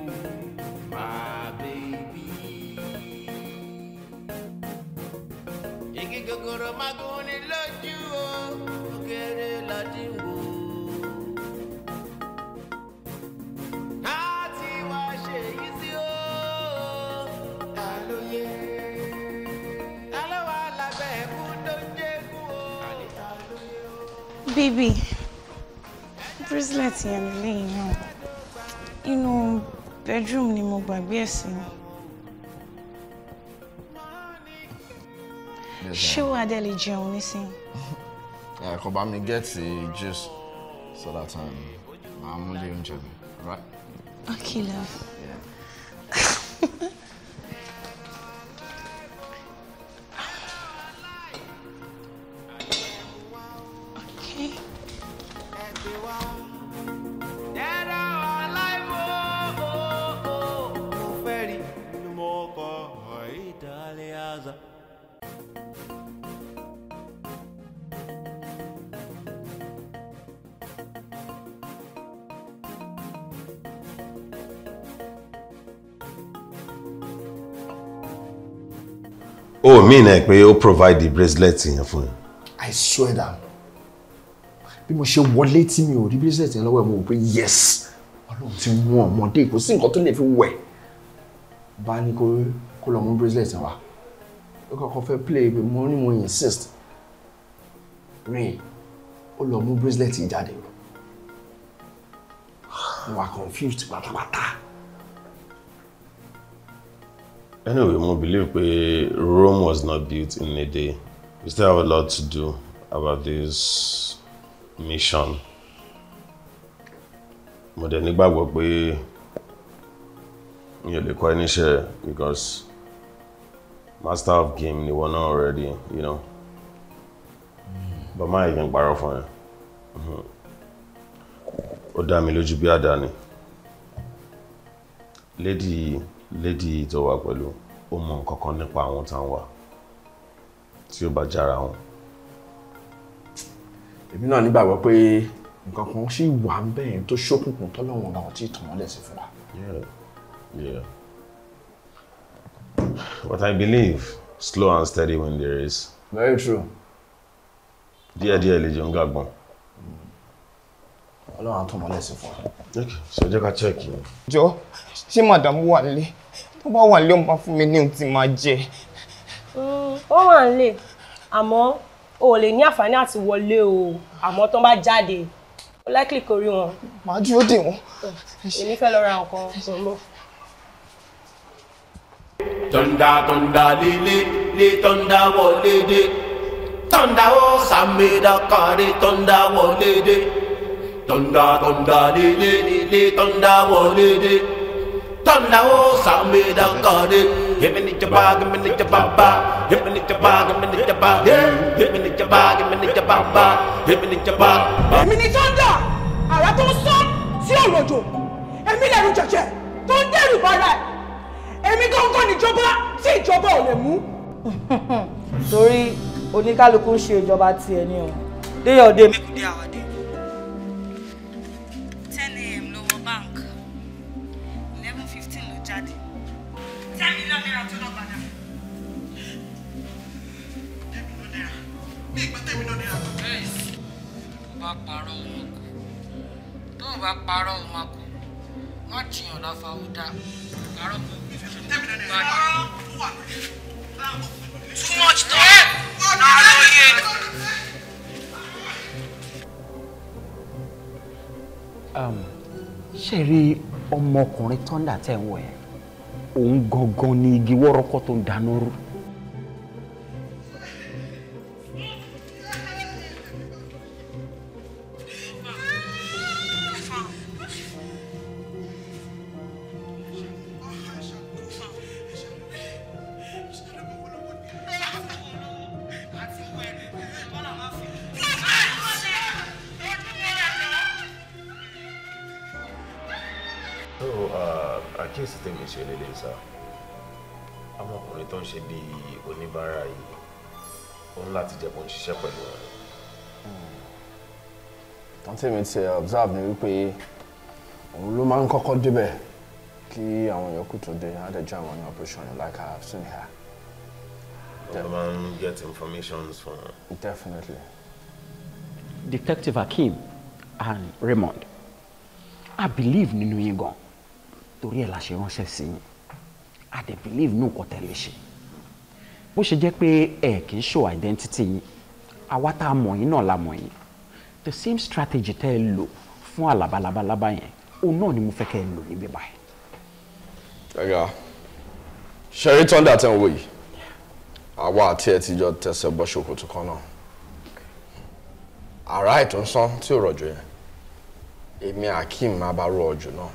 my baby. igi gogoro magun ni lójú o ògèrè bracelet and lè yàn inú bedroom ni mo gbàgbé ẹ̀ sí ni. ṣé wàá dẹ̀ lè jẹun nísìnyí. kò bá mi get the juice so that um, màá mú lé oúnjẹ mi. Okay, love. Yeah. mean ẹ pé ó provide the bracelet yẹn fún yín. I swear that. bí mo ṣe wọlé tí mi ò rí bracelet yẹn lọ́wọ́ ẹ̀ mo wò pé yes ọlọ́run ti mú ọmọdé kò sí nǹkan tó lè fi wẹ̀ bá ní kó kó lọ mú bracelet yẹn wá ó kọ́kọ́ fẹ́ play pé mo ní mo insist rìn ó lọ mú bracelet yìí jáde mo wà confused pátápátá anyway we believe pé Rome was not built in a day we still have a lot to do about this mission mo dẹ̀ nígbàgbọ́ pé mi ò lè kọ́ níṣẹ́ because master of game ni wọn náà already you know but máa yẹn parọ́ fún ẹ ó dá mi lójú bí àdáni lady yìí lady tó wà pẹ̀lú ó mọ nǹkan kan nípa àwọn tá à ń wà tí ó bá jára wọn. èmi náà nígbàgbọ́ pé nǹkan kan ṣì wà ń bẹ̀yìn tó ṣókùnkùn tọ́lọ́wọ́n náà tí ìtàn mọ́lẹ̀ sí fún wa. but I believe slow and steady when there is. very true. díẹ̀díẹ̀ lè jẹun gàgbọ́n ọlọ́run àtọmọlẹ́sìn fún ọ. ṣe jẹ́ ká chẹ́ẹ̀kì. jọ ṣé màdàmú wà nílé tó bá wà nílé ó máa fún mi ní ohun tí máa jẹ. ó wà nílé àmọ́ o ò lè ní àǹfààní àti wọlé o àmọ́ tó bá jáde ó láìkìlì kò rí wọn. màá dúró dè wọ́n. èmi fẹ́ lọ ra nǹkan tó ń tọ́ndà tọ́ndà lílé lé tọ́ndà wọlé dé tọ́ndà ó sàmìdá kárí tọ́ndà wọlé dé tọ́ndà tọ́ndà lílé lé tọ́ndà wọlé dé thunder, oh, sound me down, God, it. me in your bag, hit me in your baba. Hit me in your bag, hit me in your bag. Hit me in your bag, hit me in your baba. Hit me in your bag. Èmi ni thunder, àrà tó ń sán sí òròjò. Èmi lẹ́rù jẹ̀jẹ̀ tó ń dẹ́rù bara ẹ̀. Èmi gángan níjọba tí ìjọba ò lè mú. Torí oníkálukú ń ṣe ìjọba tiẹ̀ ni o. Déyọ̀dé mi kò dé náírà náírà tó náà padà. Tẹ́mi náà náírà. Bí ìgbà tẹ́mi náà náírà tó. Bẹ́ẹ̀ sì, tó bá parọ́ òun kù. Tó bá parọ́ òun máa kù. Má tìyàn ṣe rí ọmọkùnrin tọ́ndà tẹ̀ ń wọ̀ yẹn òun gangan ni igi wọ́rọ́kọ́ tó ń dáná rú. àkíyèsí tèmi ṣe nílé sá àwọn tó ń ṣe bíi oníbàárà yìí òun láti jẹ́ kóun ṣiṣẹ́ pẹ̀lú wọn. wọ́n hmm. tẹ̀mí ti observe ni wípé òun ló máa ń kọ́kọ́ débẹ̀ kí àwọn yòókù tó dé adẹ́jọ́ àwọn ní operation like I have her. òun máa ń get informations from her. definitely. Detective Akeem and Raymond I believe nínú yín gan torí ẹ̀ la ṣe ránṣẹ́ sí yín a dẹ̀ believe nù nǹkan tẹ̀lé ṣe bó ṣe jẹ́ pé ẹ kì í show identity yín àwa a mọ̀ yín náà la mọ̀ yín the same strategy tẹ́ ẹ lò fún àlàbalabalaba yẹn òun náà ni mo fẹ́ kẹ́ ẹ lò níbí báyìí. ẹ̀gá ṣeré tọ́ndà tẹ̀ ń wò yìí àwa àti ẹ̀ ti jọ tẹsẹ̀ bọ́ ṣòkòtò kan náà àrà ètò ń sán tí ò rọ̀jò yẹn èmi Akeem máa bá náà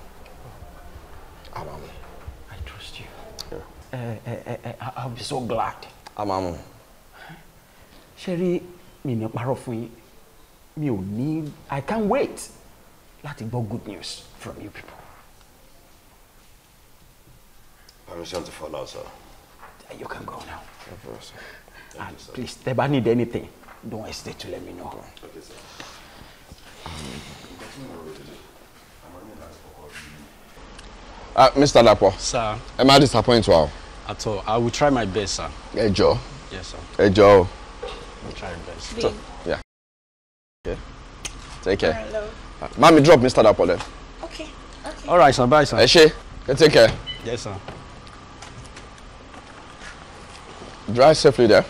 àmà I trust you. Yeah. Uh, uh, uh, I'll be so glad. àmà mu. ṣe rí mi ní parọ́ Me yín mi I can't wait láti gbọ́ good news from you people. Permission to follow, sir. You can go now. Of course. Thank and you, sir. please, if I need anything, don't hesitate to let me know. Okay, okay sir. Um, Uh, ah, Mr. Dapo. Sir. Am I disappointed wow? At all. I will try my best, sir. Ẹ jọ̀ọ́. Yes, sir. Ẹ jọ̀ọ́. I'll try my best. So, yeah. Okay. Take care. Hello. Uh, Mommy, drop Mr. Dapo then. Okay. Okay. All right, sir. Bye, sir. Ẹ ṣé. Take care. Yes, sir. Drive safely there.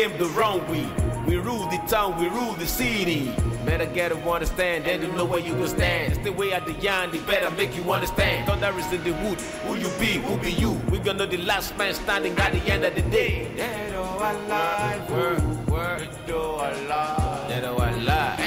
came the wrong way. We rule the town, we rule the city. Better get to understand, then you know where you can stand. It's the way I the it, they better make you understand. Thunder is in the wood, who you be, who be you? We gonna the last man standing at the end of the day. Dead or alive, word, word, dead or alive, dead or alive.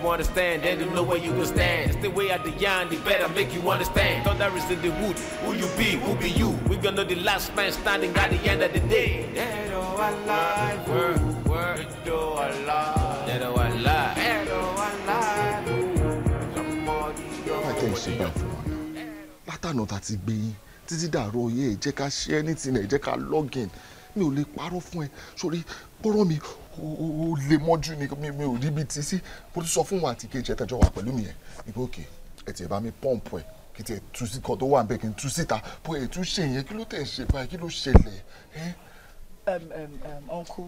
you understand. Then you know where you will stand. It's the way I the yarn, the better make you understand. Thunder is in the wood. Who you be, who be you? We gonna know the last man standing at the end of the day. Dead or alive, word, word, dead or alive, dead or alive, dead or alive. I can't sit back for one now. Látànà tá a ti gbé yín títí dàrú oyè ẹ̀ jẹ́ ká ṣe anything ẹ̀ jẹ́ ká login mi ò lè parọ́ fún ẹ sórí gbọ́rọ̀ mi ó lè mọ́jú ni mi ò rí ibi tí sí bó ti sọ fún wa àti kejì ẹ̀tẹ̀jọ́ wà pẹ̀lú mi yẹn ìgbà òkè ẹ̀ tiẹ̀ bá mi pọ́ǹpù ẹ̀ kí tiẹ̀ tú sí kan tó wà bẹ́ẹ̀ kí n tú síta bó ẹ̀ tún ṣe yẹn kí ló tẹ̀ ṣe báyìí kí ló ṣẹlẹ̀ ọ̀nkú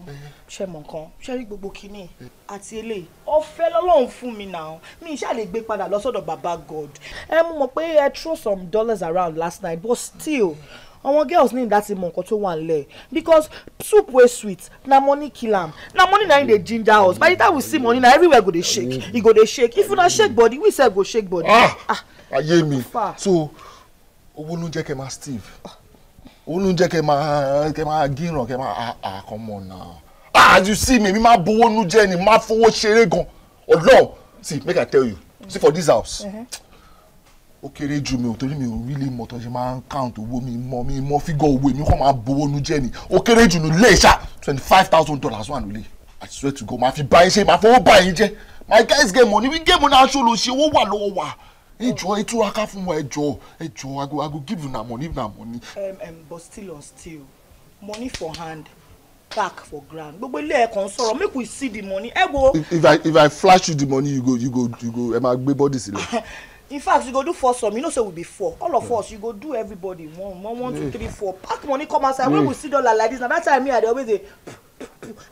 ṣe mọ̀ nǹkan ṣe rí gbogbo kínní àti eléyìí ọ̀fẹ́ lọ́lọ́run fún mi náà mi ìṣá lè gbé padà lọ́sọ̀dọ̀ baba God ẹ mọ̀ pé ẹ throw some dollars around last night but still. Mm -hmm àwọn girls need that mọ nǹkan tó wà nílẹ̀ because soup wey sweet na money kill am na money na in the ginger house by the time we see money na everywhere go they shake e go they shake if una shake body we sef go shake body. ah ah ayé mi so owó ló ń jẹ́ kẹ́ máa steve owó ló ń jẹ́ kẹ́ máa kẹ́ máa gíràn ah, ah come on now ah as you see me my boy bowó nu my four máa go oh no see make i tell you see for this house. Uh -huh ó kéré jù mi ò torí mi ò really mọ̀ tó ṣe máa ń count owó mi mọ̀ mi mọ̀ fígọ̀ owó mi kò máa bowó nu jẹ́ ni ó kéré jù ní lè e ṣá twenty five thousand dollars wà nílé I swear to God máa fi báyìí ṣe máa fowó báyìí jẹ́ my guys get money we get money aṣọ ló ṣe owó wà lọ́wọ́ wa ẹjọ ẹ túra ká fún wa ẹjọ ẹjọ I go I go give una money if na money. Um, um, but still on still money for hand back for ground gbogbo ilé ẹ̀kan sọ̀rọ̀ make we see the money ẹ wo. if i if i flash you the money you go you go you go ẹ máa gbé body sílẹ̀. in fact you go do four foursome you know say we be four all of us you go do everybody one one one two three four pack money come outside when we see dollar like this na that time me i dey always dey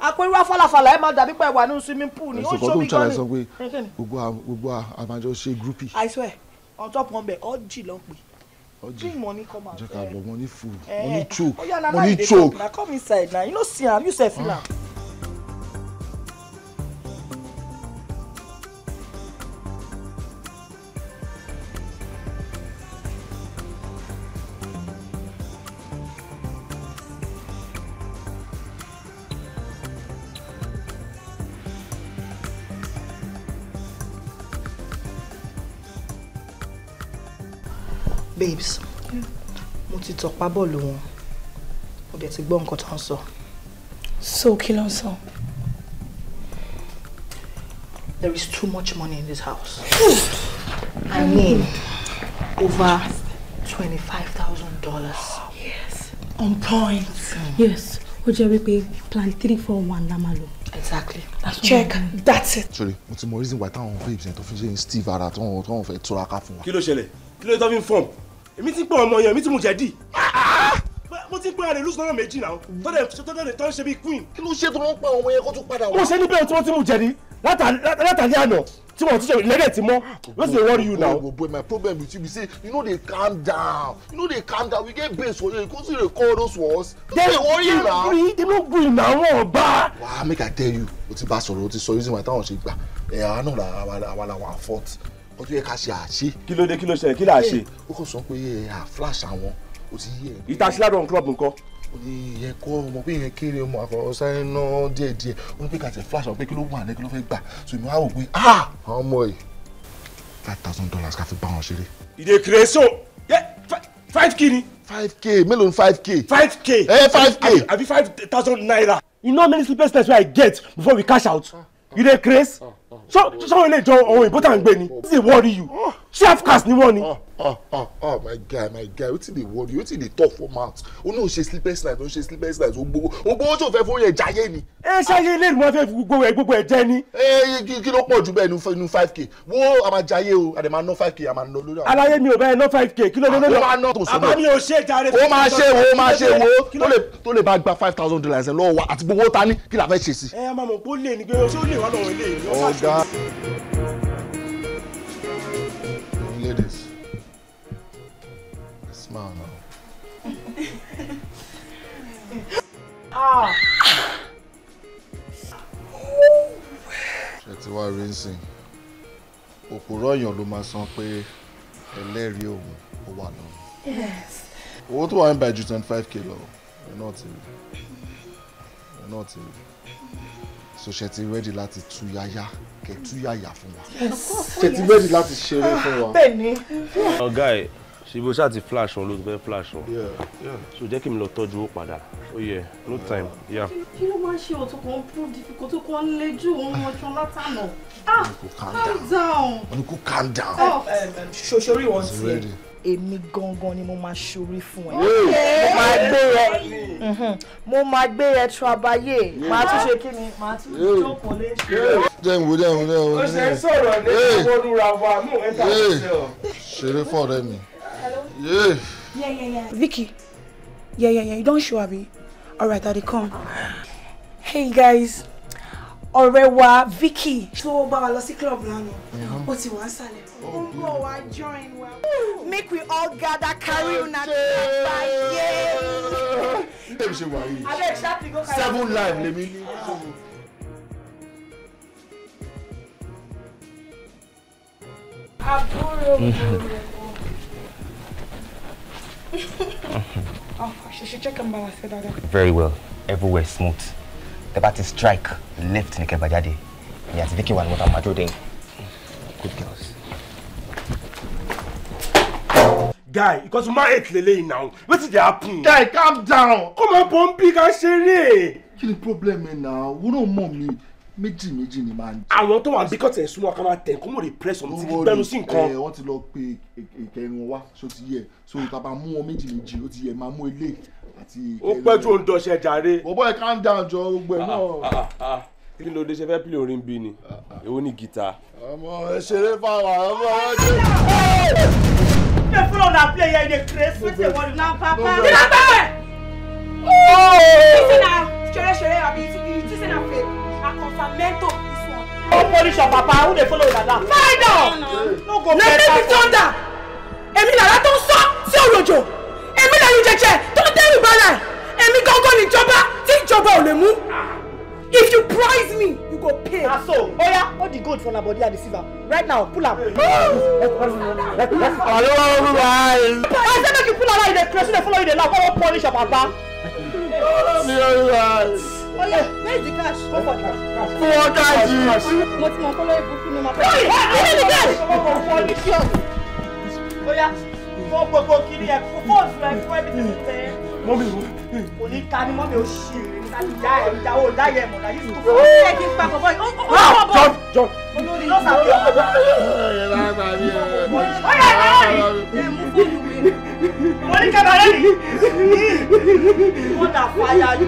àpérò afálàfàlà ẹ máa dàbí pé wà nínú swimming pool ni ó ṣó mi gan ni. ẹsùn kan tó ń ṣàlàyé sọ pé gbogbo àmàjọ ṣe groupie. i swear on top one bed ọjì ló ń pè bring money come out. jẹ ká lọ money full eh, money choke oh money choke. na come inside na you no see am you sef feel am. Ah. babes mo ti tọpa bọ́ọ̀lù wọn mo dẹ̀ ti gbọ́ nǹkan tó ń sọ. so kí ló ń sọ. there is too much money in this house. i mean over twenty-five thousand dollars. yes on point. Mm. yes ó jẹ́ wípé plan three four one la máa lò. exactly that's check that's it. sorry mo ti mọ reason why táwọn babes yẹn tó fi ṣe ń steve ara tó wọn fẹ́ túraká fún wa. kí ló ṣẹlẹ̀ kí ló tó fi ń fọ́ọ̀mù èmi ti ń pọ̀ ọmọ yẹn èmi ti mu jẹ́ dì mo ti ń pẹ́ àrẹ lóṣù náà méjì náà tó dẹ̀ tó dẹ̀ tó ń ṣe bí queen. kí ló ṣe tó wọ́n pa ọmọ yẹn kó tún padà wá. mo ṣe níbẹ̀ tí wọ́n ti mú jẹ ní látàlí àná tí wọ́n ti ṣe lẹ́dẹ̀ tí mọ́ ló sì worry you now. oh boy oh, oh, my problem with you be say you no dey calm down you no dey calm down we get base for you you still dey call those words. dem dey worry you now. dem dey no gree na wọn ọba. wàá make i tell you o ti bá sọ̀rọ̀ o ti sọ using my time ọ̀sẹ̀ gbà ẹ̀ àánú làwọn àwọn àwọn fault ó tún yẹ ká ṣe àṣe. kí ló dé kí ló ṣẹlẹ̀ kí là eh, ṣe. ó kàn sọ pé eh, à flash àwọn ó ti yẹ. ìtasíládùn club nǹkan. ó ní ìyẹn kọ́ ọmọ pé ìyẹn kéré ọmọ àfọwọ́ sáré náà díẹ̀ díẹ̀ ní pé kàtẹ́ flash àwọn pé kí ló wà ní kí ló fẹ́ gbà ṣùgbọ́n àwọn òògùn ah àwọn ọmọ yìí five thousand dollars ká fi bá wọn ṣeré. ìdè kìrẹ́sọ̀ five k ni. five k mélòó ni five k. five k. ẹ eh, five k. àbí five thousand naira. you know how many sleepless nights wey i get before we cash out. you dey craze ṣọ́ ṣọ́ ilé ìjọ ohun ìbótà ń gbé ni this is worry you chef cast ni wọ́n ni. Oh ah ah my guy my guy wetin dey worry you wetin dey talk for mouth o no ṣe sleepless night o ṣe sleepless night o gbowó o gbowó tó fẹ́ fowó yẹn jayé ni. ẹ ṣáyé ilé ìlú wọn fẹ́ fi gbogbo ẹ gbogbo ẹ jẹ ni. ẹ kí ló pọ̀ jù bẹ́ẹ̀ nu five k wo a máa jayé o a dẹ̀ máa ná five k a máa ná lórí àwọn. alaye mi ò bẹ́ẹ̀ ná five k kí ló dé lórí. o ah, máa ná tòsí náà àbá mi ò ṣe jàre. o máa ṣe wo o máa ṣe wo tó lè bá gba five thousand dollars ẹ lọ́wọ́ wa àti gbogbo ta ni kí la fẹ́ ṣe sí. ẹ máa mọ̀ pé ó lè ní pé ó ṣe ó lè wá lọ́wọ́ ilé ìlú. ọ̀gá ladies smile ah. ṣe ti wá rí nsìn òpòrọ̀ èèyàn ló máa san pé ẹlẹ́rìí òun ó wà náà. owó tó wà ń bàjú twenty five k lọ ẹ náà ti rí ẹ náà ti rí so ṣe ti rẹ́dí láti tú yáyá kẹ tú yáyà fún wa ṣe ti rẹ́dí láti ṣeré fún wa. bẹ́ẹ̀ni. ọ̀gá ẹ̀ ṣùgbọ́n ṣáà ti flash wọn ló ti fẹ́ flash wọn so jẹ́ kí mi lọ tọ́jú ó padà ó yẹ no time yá. kí ló máa ń ṣe òtún kan pú dìfikò tó kọ́ ń lejú òun ọjọ́ látànà ah calm down wọ́n ní calm down. ṣoṣorí wọn ti ẹ èmi gangan ni mo máa ṣorí fún ẹ mo máa gbé ẹ mhm. mo máa gbé ẹ trabayé máa tún ṣe kí ni máa tún jókòó lé. jẹun wo jẹun jẹun. o ṣe sọ̀rọ̀ ní ìwọ́n lura wa mú ẹ̀ta ṣe o. ṣeré fún ọ̀rẹ́ mi. Yeah. Yeah, yeah, yeah. Vicky. Yeah, yeah, yeah. You don't show Abby. Alright, Daddy, come. Hey guys. Ọ̀rẹ́ wa Vicky. So o bá wa lọ club lánàá? Oh, Ó ti wá sálẹ̀. join Make we all gather carry on. to yeah. Bẹ́ẹ̀ ṣe wà yìí. Abẹ́ Seven live Let me Àbúrò mi. Oh, she should check and balance it, Very well. Everywhere smooth. The party strike left in the Kebajade. Yes, Vicky one what I'm doing. Good girls. Guy, because my eight lele now. What is happening? Guy, calm down. Come on, Pompey, can share it. Kí ni problem now? We don't mọ̀ mí méjì méjì ni máa ń jẹ. àwọn tó wà bí kọ́tẹ̀ súnmọ́ ká máa tẹ̀ kó mọ̀ lè press ọ̀mùtí gbẹnu sí nǹkan. ẹ wọ́n ti lọ pe ìkẹrin wá so ti yẹ so tàbá mú wọn méjì méjì ó ti yẹ máa mú ilé àti ìkẹrin. ó pẹ́ tó ń dọ̀ṣẹ́ jàre. bọ̀bọ̀ ẹ̀ calm down jọ gbogbo ẹ̀ náà. kí ló dé ṣe fẹ́ pílè orin bí ni èwo ni gìtá. ọmọ ẹ ṣeré fáwọn ọmọ ẹ ṣe. ṣé fúlọ̀ náà play yẹn dey craze wetin wọ́n ní. kí ló bẹ̀rẹ̀. ṣeré ṣeré àbí ìtúsí náà fèé. Apartamento is one. No polish your papa, who they follow you that? Find out! No go pay that. Na baby thunder! Èmi làrá tó ń sọ sí òròjò. Èmi lẹ́yìn jẹjẹ tó ń dẹ́rù go. Èmi gángan níjọba tí ìjọba ò lè mú. If you prize me, you go pay. Na ah, so, oya, hold the gold for na body and the silver. Right now, pull am. Alo olúwa. I say make you pull am out, you dey craze, you dey follow, you dey laugh, I wan punish your papa. Oya, where is the cash? Go for the cash. Four for the cash. Mo ti Four kọ́lọ́ ìbùkún ní ma pẹ́. Four where is the cash? Go Four the cash. Oya, fọ́ gbogbo Four ẹ̀ fún fóònù ẹ̀ fún Four tí mo tẹ̀. Mọ́mí wo? Four ní ka ni mọ́mí o Four rí nígbà tí ìyá ẹ̀ Four ò dáyẹ̀ mọ̀ láyé tó Four Ẹ kí n pa bọ̀bọ̀ Four Ó bọ̀ bọ̀. Jọ jọ. Four yóò sá lọ. Oya, ẹ Four fóònù mi. Mo ní kẹ́kọ̀ọ́ Four Wọ́n dà fún ayáyú.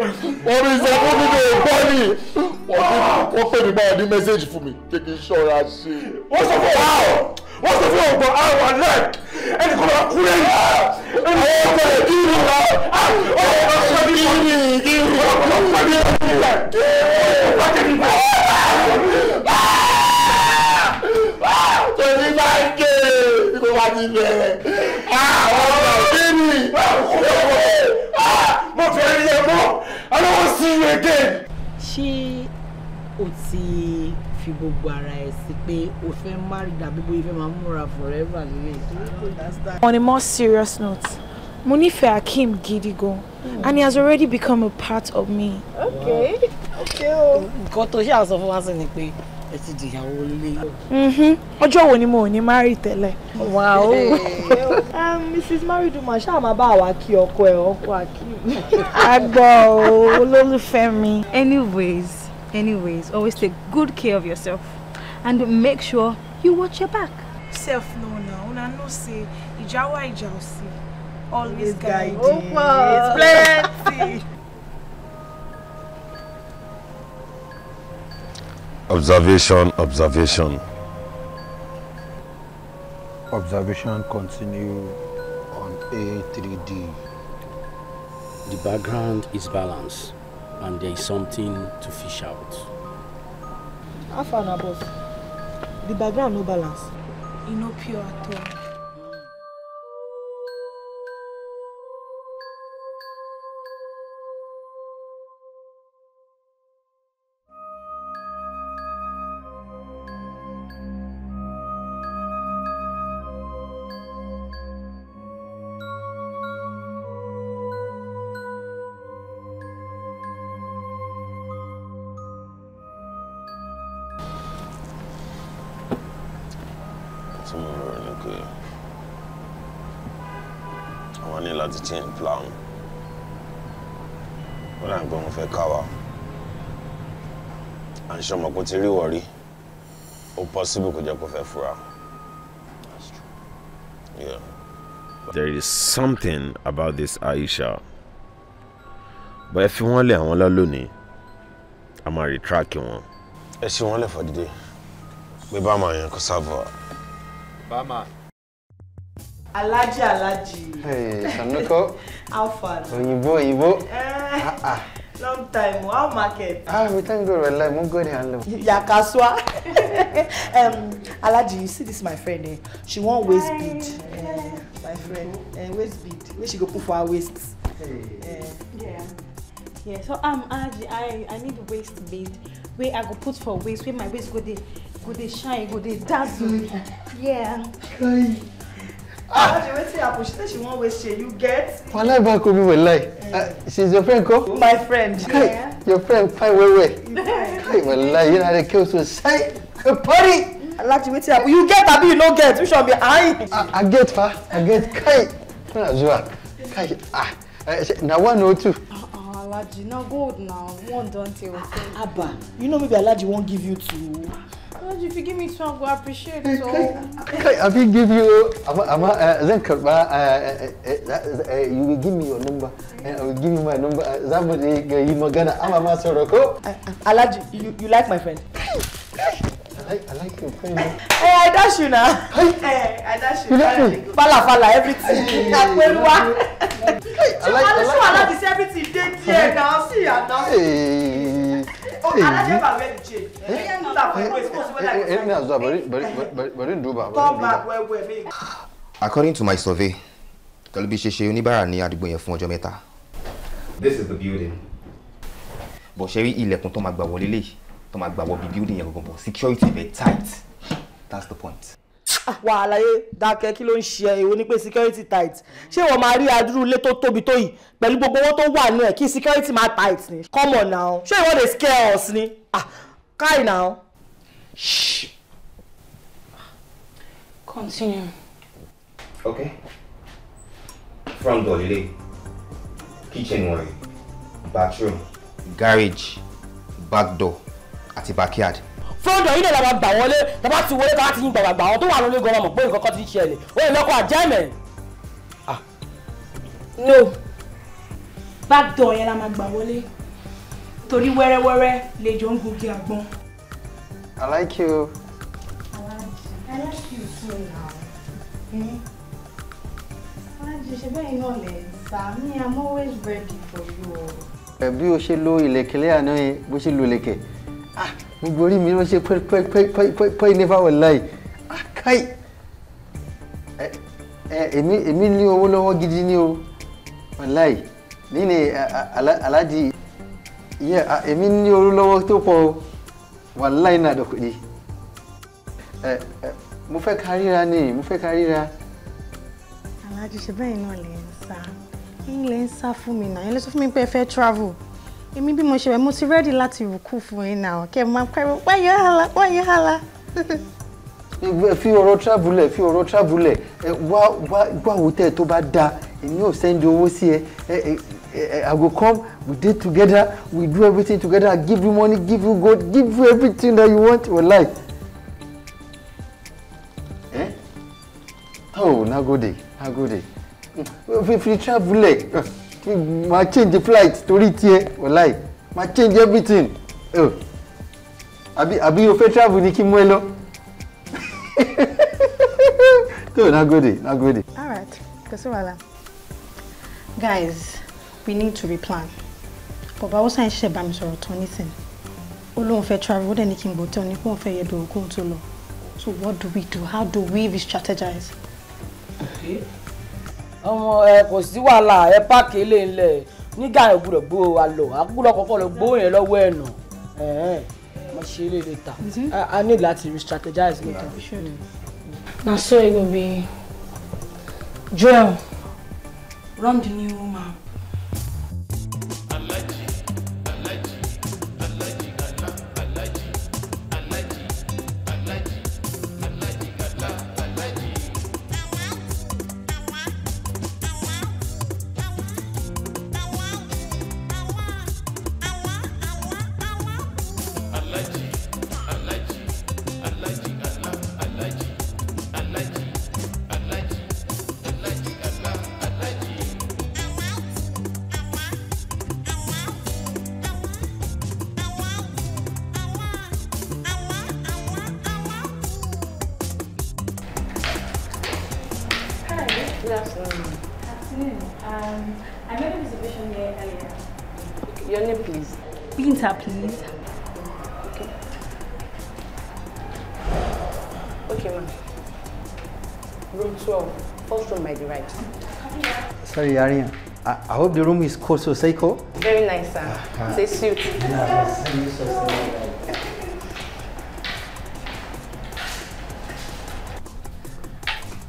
orí ìṣẹ́gun mi lè gbọ́ ni wọ́n pè mí báyọ̀ ní mẹ́sẹ̀gì fún mi pé kí n ṣọ́ra ṣe. wọ́n sọ fún wa ọ̀ wọ́n sọ fún ọ̀gbọ́n àwọn alẹ́ ẹni kọ́ máa kú lẹ́yìn ẹni kọ́ máa kú lẹ́yìn ẹni kọ́ máa kú lẹ́yìn ẹni kọ́ máa kú lẹ́yìn ẹni kọ́ máa kú lẹ́yìn ẹni kọ́ máa kú lẹ́yìn ẹni kọ́ máa kú lẹ́yìn ẹni I don't want to see you again. ṣé o ti fi gbogbo ara ẹ sí pé o fẹ́ marry dàbí bó on a more serious note mo nífẹ̀ẹ́ Akeem gidi gan hmm. and he has already become a part of me. okay okay o. to oh. tó ṣe àsọ once in a ni ẹ ti dìyàwó lé. Mm-hmm. ọjọ́ wo ni mo ò ní márì tẹ́lẹ̀. wà ó. Um, mrs mariduma ṣáà máa bá àwa kí ọkọ ẹ ọkọ àkíyè. a gbọ́ olólùfẹ́ mi. anyways anyways always take good care of yourself and make sure you watch your back. self no na una no say ìjà wa ìjà always guide. ó pọ̀ it's plenty. Observation, observation. Observation continue on A3D. The background is balanced and there is something to fish out. How far na boss? The background no balance. It e no pure at all. ṣọmọ kò ti rí wọ̀ rí ó possible kò jẹ́ kó fẹ́ fura. There is something about this Aisha bóyá fi wọ́n lé àwọn lọ́lọ́ni a máa retract wọn. ẹ ṣe wọn lẹ́fọ̀ọ́ dídé pé bá máa yan kó sáfọ̀. bá máa. alájí alájí. sanuko. alfa. òyìnbó òyìnbó. Eh. Ah, ah long time how market. ah we thank God well I'm good hello. yakaswa um, Alhaji you see this my friend eh she wan eh, eh, waist bead uh, my friend uh, waist bead wey she go put for her waist. Hey. Uh, yeah. Yeah, so um, Alhaji I I need waist bead wey I go put for waist wey my waist go dey go dey shine go dey dazzle. yeah she ah, she said you get. Palaba could be well like. Eh. Ah, she's your friend, ko? My friend. Kai, yeah. Your friend, Kai well, well. Kai, well, like, you know how they kill suicide. A party. Alaji, wetin happen? You get abi you don't get? We should be I? Ah, I, get fa. I get Kai. Na Zua. Kai. Ah. Eh, now one or oh two. Alaji, now go now. One don tell. Abba, you know maybe Alaji won't give you two if you give me two, I'm going to appreciate it. Okay, I will give you, I'm, I'm, uh, then, uh, uh, uh, uh, you will give me your number. And I will give you my number. Zambo, you magana, I'm a master, okay? Alaji, you, you like my friend? I like, I like you. Hey, I dash you now. Hey, hey eh, I dash you. You like me? Fala, fala, everything. Hey, I like, I like, I like. I this everything. Day, day, now, see, you now. Hey. Oh, I like you, but where the chain? Hey, hey, hey, hey, but didn't do that. Come back, where, where, According to my survey, Tolubi Sheshe oníbàárà ní àdúgbò yẹn fún ọjọ́ mẹ́ta. This is the building. Bọ̀ ṣe rí ilẹ̀kùn tó máa gbà wọlé léyìí tó máa gbà wọ building yẹn gbogbo security be tight that's the point. Ah, wà á láyé dákẹ́ kí ló ń ṣe èwo ní pé security tight ṣé wọ́n máa rí adúrú ilé tó tóbi tó yìí pẹ̀lú gbogbo owó tó wà ní ẹ̀ kí security máa tight ni come on now ṣé ìwọ́n dey scare us ni ah káì now. shh continue. okay front door lele kitchen wọ̀nyí bathroom garage back door àti backyard. fúlọ́dọ̀ yìí náà la máa gbà wọlé la bá ti wọlé ká ti yin gbàgbàgbà àwọn tó wà lórí gan pé nǹkan kan ti ń ṣẹlẹ̀ ó lè lọ́kọ̀ àjẹ́mẹ̀. no back yẹn la máa gbà wọlé torí wẹ́rẹ́wẹ́rẹ́ lè jọ ń gungi àgbọn. I like you. I like you too now. Mm? ṣe bẹ́ẹ̀ náà lẹ̀ sá mi I'm always ready for you. Eh, bí o ṣe lo ìlẹ̀kẹ̀ lẹ́yà náà bó ṣe lo ìlẹ̀kẹ̀ gbogbo orí mi ló ṣe pẹ́ẹ́pẹ́ẹ́pẹ́ẹ́pẹ́ nífàwọ̀ láì àkàì ah, èmi èmi ní owó lọ́wọ́ gidi ní o wàláì nínú aláàjì yẹ èmi ní owó lọ́wọ́ tó pọ̀ o wàláì náà dọ̀kùnrin mo fẹ́ ká ríra ni mo fẹ́ ká ríra. aláàjì ṣe bẹ́ẹ̀ náà lè ń sá ń lè ń sá fún mi náà ẹ lè sọ fún mi pé ẹ fẹ́ travel. Emi bí mo ṣe rẹ̀ mo ti rẹ́dì láti rùkú fún yín náà kẹ́ ẹ máa pẹ́rọ wáyé hàlà wáyé hàlà. fi ọ̀rọ̀ travelẹ̀ fi ọ̀rọ̀ travelẹ̀ wá wá wá hotel tó bá dáa èmi ò sẹ́ndì owó sí ẹ I go come we did together we do everything together I give you money give you gold give you everything that you want for life. Eh? Oh, na go dey na go dey fi fi travelẹ̀ máa change flight torí tiẹ̀ wàláì máa change everything àbí àbí o fẹ́ travel ni kí mú ẹ lọ tó na gòdè na gòdè. all right kò sí guys we need to replan bàbá ó sàn ṣe bá mi sọ̀rọ̀ tán nísìn ó lóun fẹ́ travel ó dẹ̀ ní kí n gbọ́ tán ní kóun fẹ́ yẹ bẹ̀rù kóun tó lọ so what do we do how do we re-strategize. Okay ọmọ ẹ kò sí wàhálà ẹ páàkì ilé ńlẹ nígbà yẹn gbúdọ̀ gbó wa lọ àkúrò kọ́kọ́ lọ gbó yẹn lọ́wọ́ ẹ̀ nà ẹ̀ẹ́n mo ṣe eré later I mhm. need láti re-strategize later. na so e go be Joel run the new woman. Your name, please. Winter, please. Okay. Okay, ma'am. Room 12. First room by the right. Sorry, Arian. I, I, hope the room is cool so seiko. Very nice, sir. suit. Uh, it's a suit.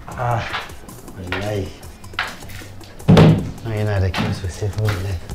Ah, wallahi. Yana da kyau sosai ta wallahi.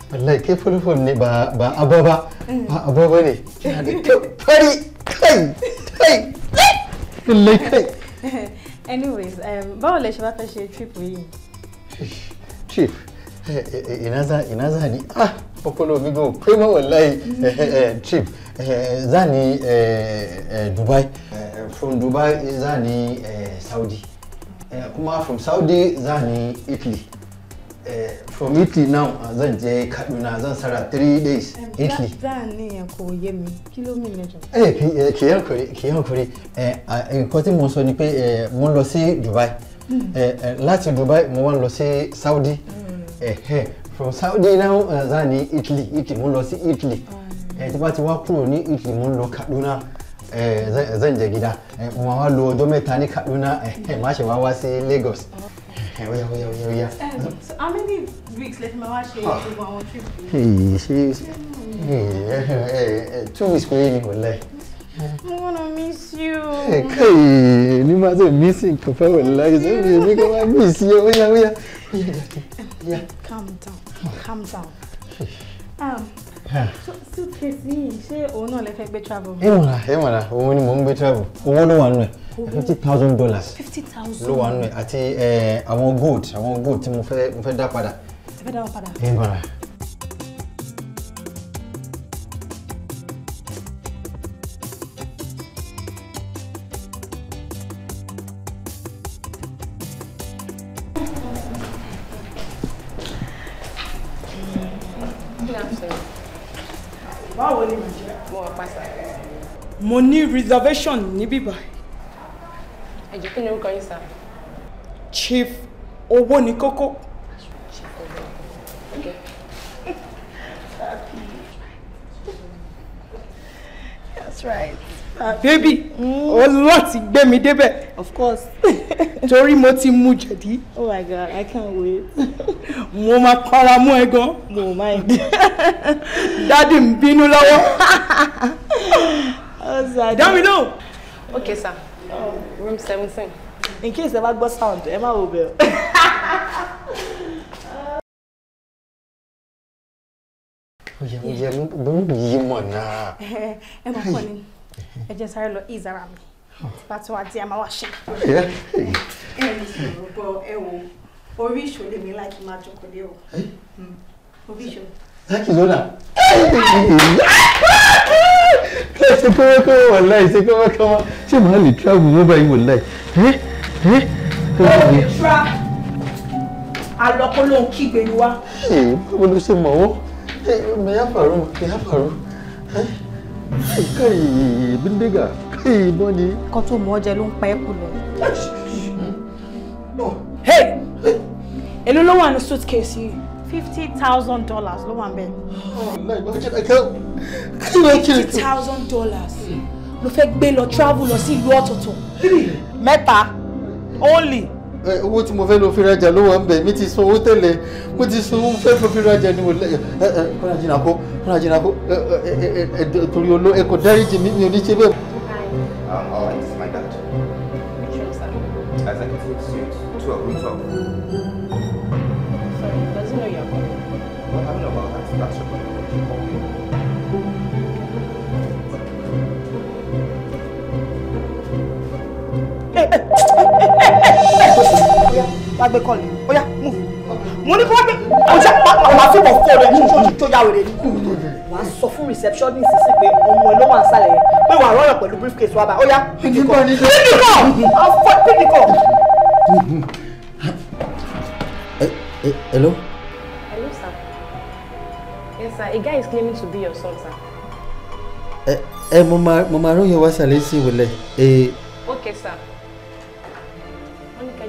wallahi kai fulful ne ba ba ba ba aba ba ne da kyau fari kai kai lallai kai anyways um, ba wala shi baka shi trip yi trip eh, eh, eh, ina za ina za ni ah bakwalo bigo kai ma wallahi trip za ni dubai from dubai za ni saudi kuma from saudi za ni italy Uh, from italy now zan je kaduna zan sara three days italy plan ni yẹn kò yé mi kí ló mìíràn jọ. ẹ kì kì í hankuri kì í hankuri nǹkan tí mo sọ ni pé eh, mo ń lọ sí dubai hmm. eh, eh, láti dubai mo wá ń lọ sí saudi hmm. from saudi now zan ní italy italy mo ń lọ sí italy ah, tí bá ti wá kúrò ní italy mo ń lọ kaduna zan jẹ gida mo máa wá lò ọjọ́ mẹ́ta ní kaduna hmm. má ṣe wá wá sí lagos. Oh ẹ oya oya oya oya. so how many weeks left? fi máa wá Oh, gbogbo àwọn trip yìí. ṣe ṣe two weeks péré ni kò lẹ. mo wanna miss you. kéè ní máa tó miss nǹkan fẹ́ wẹ̀ láyé tó bí ebi kò máa miss you oya oya. calm down calm down. Um, suitcase yìí ṣé òun náà lè fẹ́ gbé travel. ẹ mọ̀ra ẹ mọ̀ra òun ni mò ń gbé travel owó ló wà nù ẹ̀ fifty thousand dollars ló wà nù ẹ̀ àti àwọn gold àwọn gold tí mo fẹ́ mo fẹ́ dá padà. ẹ fẹ́ dá wọn padà. ẹ mọ̀ra. Good afternoon báwo ni màjẹ́. mo wà pàṣẹ. mo ní reservation níbí báyìí. ẹ̀jẹ̀ kí ni orúkọ yín sá. chief owó ní kókó. that's right baby ọlọ́ mm. ti gbé mi débẹ̀. of course. torí mo ti mu jẹ̀dí. oh my god i can't wait. mo máa para mú ẹ gan. mo máa ń. dádì ń bínú lọ́wọ́. Oh, dámi okay sir oh. room seventeen. in case ẹ bá gbọ́ sound ẹ má wo bẹ́ẹ̀. yẹmu yẹmu yìí mọ̀ náà. ẹ máa kọ́ ni ẹ jẹ́ sáré lọ ìzára mi bá tí wàá di àmà wá ṣe. ẹ ẹ sọ̀rọ̀ bọ ẹ wo orí ìṣó lè mi láti máa jókòó lé o hmm. orí ìṣó. láti lọ́nà láìsí kọ́mọ́kọ́mọ́ wà láìsí kọ́mọ́kọ́mọ́ ṣé màá lè travel mobile wò láì. ó lè tra alọ́kọ́ ló ń kígbe ni wá. báwo ló ṣe mọ̀ wọ́n mi á fàrọ̀ mi á fàrọ̀ kai bindiga kai ìbọn ni. nǹkan tó mọ̀ ọ́ jẹ ló one suitcase you fifty thousand dollars ló wà ń bẹ. fifty thousand dollars ló fake gbé or travel or sí ìlú ọ̀tọ̀ọ̀tọ̀ mẹ́ta only owó tí mo fẹ́ lọ fi rajà ló wà ń bẹ̀ mi ti san owó tẹ́lẹ̀ mo ti san owó fẹ́ lọ fi rajà ni mo lẹ́yìn ẹ ẹ kọ́nà jìnnà kó kọ́nà jìnnà kó ẹ ẹ ẹ torí olo ẹ kò dáríjì mi mi ò ní ṣe bẹ́ẹ̀. Sorry, doesn't know you're calling. Well, I don't know about that. That's your problem wá gbé kọ́ọ̀lù ó yá mú mo ní kó wá gbé ọjà pápá wàá tún bọ̀ fóònù ẹ̀ ṣoṣo tó yá wèrè ni. wàá sọ fún receptionist sí pé ọmọ ẹ ló wà ń sàlẹ̀ yẹn pé wàá rọrùn pẹ̀lú briefcase wa bá ó yá pídìkọ̀ pídìkọ̀ pídìkọ̀. Hello? Hello, sir. Yes, sir. A guy is claiming to be your son, sir. Eh, eh, mo ma, mo ma rán yín wá sàlẹ̀ sí ìwòlẹ̀. Okay, sir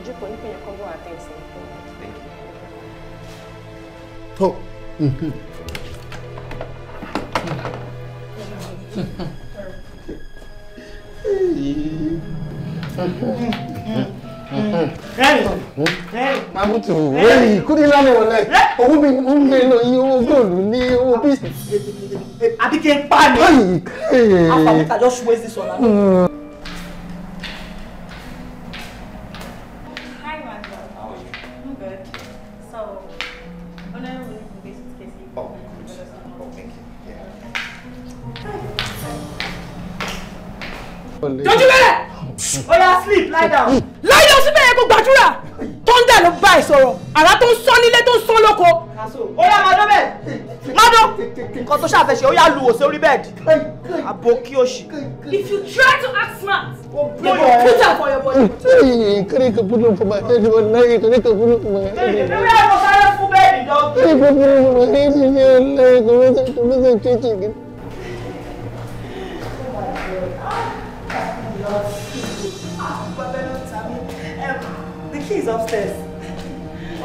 jókòó ní pèyàn kan bọ̀ àtẹ̀sí. tó Mamutu, wéyì, kúrò lálẹ́ ọ̀lẹ́, owó mi ń gbé lọ yí owó góòlù ní owó bí. Àbíkẹ́ ń pa ni. Àfàmìtàjọ́ ṣùgbọ́n èsì sọ̀rọ̀. head aboki oshi. if you try to act smart we'll blow your filter for your body. kiri ka put on for my head You night kiri ka put on for my head. ebi ayi mo sáré fún bẹ́ẹ̀ni dọ́kítà. kiri ka put on for my head one night kò mẹ́sàn kò mẹ́sàn kéèké. The key is upstairs.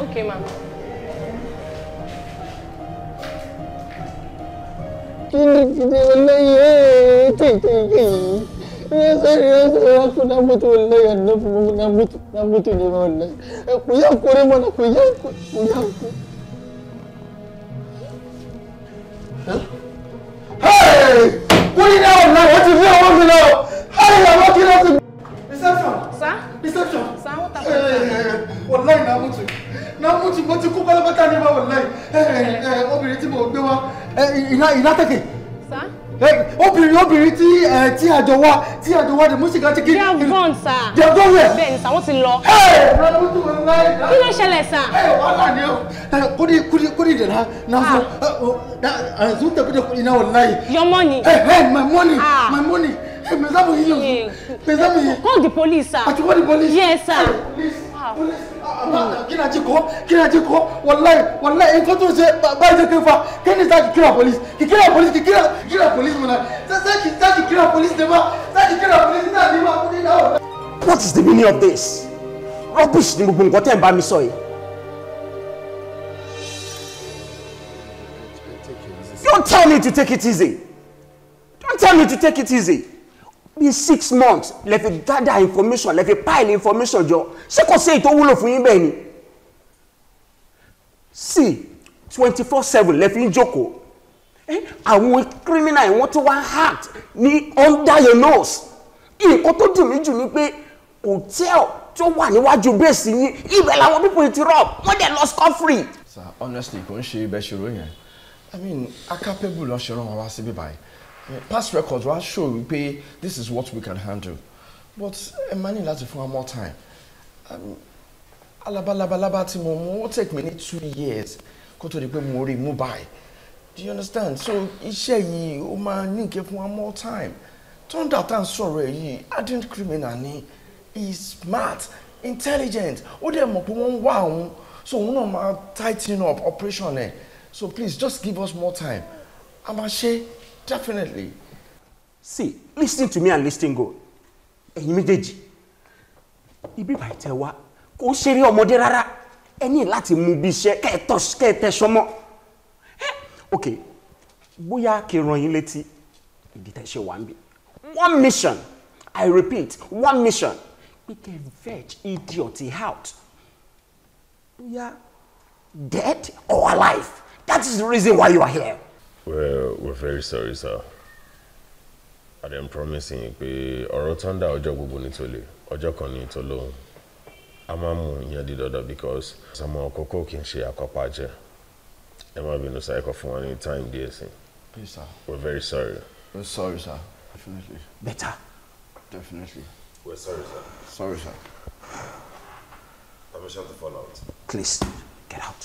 Okay, ma'am. kìlìkìlì olóyè tètè yasiriyasiriyasu na mutu wallahi annabi mu na mutu na mutu ne ma wallahi ku yi hakuri mana ku yi hakuri ku yi hakuri hey kuri na wallahi wata zuwa reception. sir, reception. sa n ta pẹ̀lú. wọláì náà mú tu náà mú tu mo ti kú pátápátá ní ma wọláì eh, eh, eh, obìnrin tí mo gbé wá iná iná tẹ̀kẹ̀. Sir, hey, obìnrin tí tí àjọ tia tí tia wa the music àti kí. they are gone sir. they are gone where. bẹ́ẹ̀ni sa wọn ti lọ. kí ló ṣẹlẹ̀ sa. wàhálà ni o kúrì kúrì kúrì dè na na fún zun tẹ̀pẹ́ iná wọláì. your money. my money ah. my money me samu you. Me samu you. Call the police, sir. I should call police. Yes, sir. Police. Ah, police. Kí ni àti kọ́? Kí ni àti kọ́? Wàláì wàláì nǹkan tó ń ṣe báyìí ṣe kéfà. Kí ni sáà kì kíra police? Kì kíra police kì kíra kì kíra police mọ̀nà. Sáà kì kíra police dè má. Sáà kì kíra police náà dè What is the meaning of this? Rubbish ni gbogbo nǹkan tẹ́ ń Don't tell me to take it easy. Don't tell me to take it easy bíi six months lè fi gather information lè fi pile information jọ ṣé kò sí èyí tó wúlò fún yín bẹ́ẹ̀ ni c twenty four seven lè ń jókòó àwọn criminal wọn tó wá hacked ní under your nose nǹkan tó dùn mí jù ni pé hotel tó wà níwájú bẹ́ẹ̀sì yín ibẹ̀ làwọn pípọ̀ ti rọ̀ wọ́n dẹ̀ lọ scot free. sir honestly kò ń ṣe ibẹ̀ ṣòro yẹn i mean akapẹ́bù lọ ṣe rán wọn wá síbí báyìí past records wa show pay. this is what we can handle but ẹ máa ní láti fún more time um, alabalabalaba ti mo mú ó take me two years kó tó di pé mo rí mú báyìí do you understand so iṣẹ́ yìí ó máa ní nǹkan fún wa more time thunder tan sọ̀rọ̀ ẹ̀ yìí ardent criminal ni he is smart intelligent ó dẹ̀ mọ̀ pé wọ́n wá òun so òun náà máa tighten up operation ẹ̀ so please just give us more time a ṣe Definitely. See, listen to me and listen go. Ẹ̀yin méjèèjì, ibi ìbà ìtẹ̀ wa kò ṣeré ọmọdé rárá. Ẹ ní láti mú bí iṣẹ́ kẹ́ẹ̀tẹ̀ sọmọ. Ok, bóyá kí n ràn yín létí ìdí tẹ̀ ṣe wà ń bì. One mission, I repeat, one mission. Pé kẹ́ ẹ veg idiot out. Bóyá dead or alive, that is the reason why you are here we're we're very sorry sir i dem promise yín pé ọ̀rọ̀ thunder ọjọ́ gbogbo ní tòlè ọjọ́ kan ní tòlóhùn a máa mú ìyẹn di dandan because ọmọ kókó kì í ṣe àkọ́pá jẹ ẹ má bínú sir ẹ̀kọ́ fún wa ní time díẹ̀ sí i we're very sorry. we're sorry sir definitely. better. definitely. we're sorry sir. sorry sir. permission to follow out. please get out.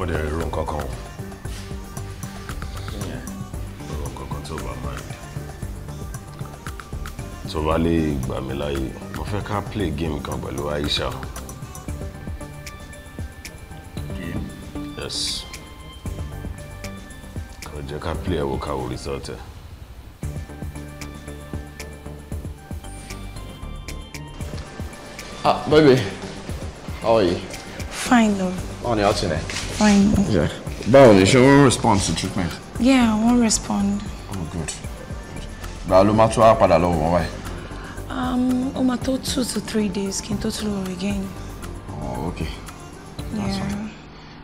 mo dẹ̀ rí nǹkan kan o rí nǹkan kan tó bá máa rí tó bá lè gbà mí láàyè mo fẹ́ play game kan pẹ̀lú Aisha. game. yes kò I can't play ẹ̀wò ká wò result Ah, baby, how are you? Fine, love. On your internet find me. Yeah. Báwo ni ṣé wọ́n respond to treatment? Yeah, won't respond. Oh good. But ló máa tún á padà lọ́wọ́ Um, ó máa tó two to three days Can n tó tún lọ again. Oh okay. yeah.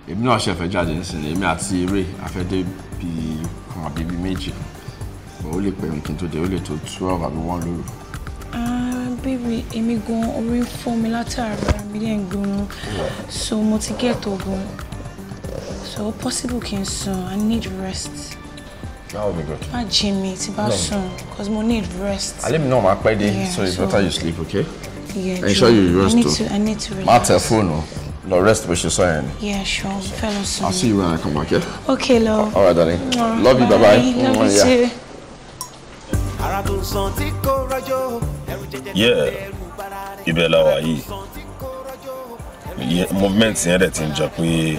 If not, náà ṣe fẹ́ jáde nísìnyí, èmi àti I àfẹ́dé bíi kan àbí bíi méjì. Ó lè pẹ̀lú kí n tó dé, ó lè tó twelve àbí one lóru uh, bíbi èmi gan orí ń fọ́ mi látàrí ara mi dẹ̀ ń gbóná so mo ti gẹ̀ẹ́tò So possible kí n i need rest. that will be good. má Jimmy, it's about bá sùn because mo need rest. alẹ́ mi náà máa pẹ́ dé so it's so better you sleep okay. yeah ensure you rest i need to i need to rest. má tẹ fóònù no rest bó ṣe sọ yẹn yeah sure Fellow, fẹ́ i'll see you when i come back yeah. okay love. all right darling. Mwah, love you bye bye. bye. love you too. Yeah. tó sàn tí kò rọjò movement yẹn dẹ̀ ti ń jọ pé.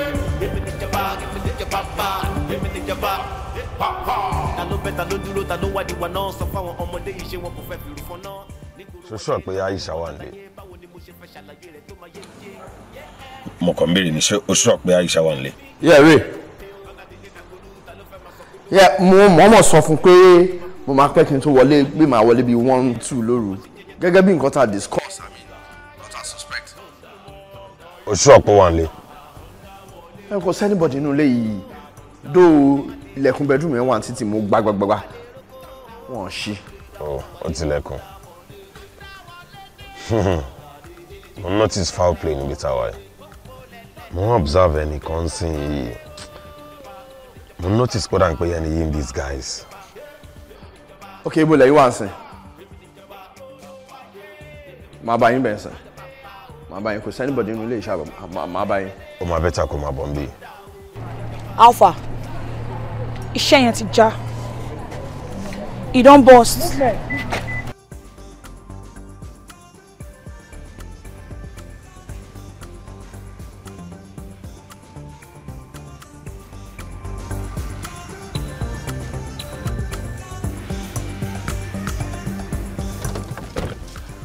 bá ta ló bẹ́ ta ló dúró ta ló wádìí wa náà sọ fáwọn ọmọdé yìí ṣé wọn kò fẹ́ fi rú náà. sọ́sọ́ pé aisha wà nílé. mo kàn ń ní ṣé pé aisha wà nílé. yẹ́rì yẹ mo mọ̀ọ́mọ̀ sọ fún pé mo máa pẹ́ kí n tó wọlé bí màá wọlé bíi one two lóru gẹ́gẹ́ bí nǹkan tá a discuss. o sọ pé wà nílé. ẹ kò sẹ́nibọ̀dì inú ilé yìí Do ilẹ̀kùn bedroom yẹn wà títí mo gbàgbàgbà wọn ṣí. ọ oh, ọ tilẹ̀kùn mo notice foul play níbi táwa yìí mo observe ẹnìkan sí yìí mo notice kódà ń pè yẹn ní yín these guys. ok ibo lẹ́yìn wá sìn máa bá yín bẹ̀rẹ̀ sìn máa bá yín kò sẹ́ni bọ̀dé nínú ilé iṣẹ́ àbọ̀ máa bá yín. ó máa bẹ́ta kó máa bọ̀ ń bí. alpha iṣẹ́ yẹn ti já e don burst.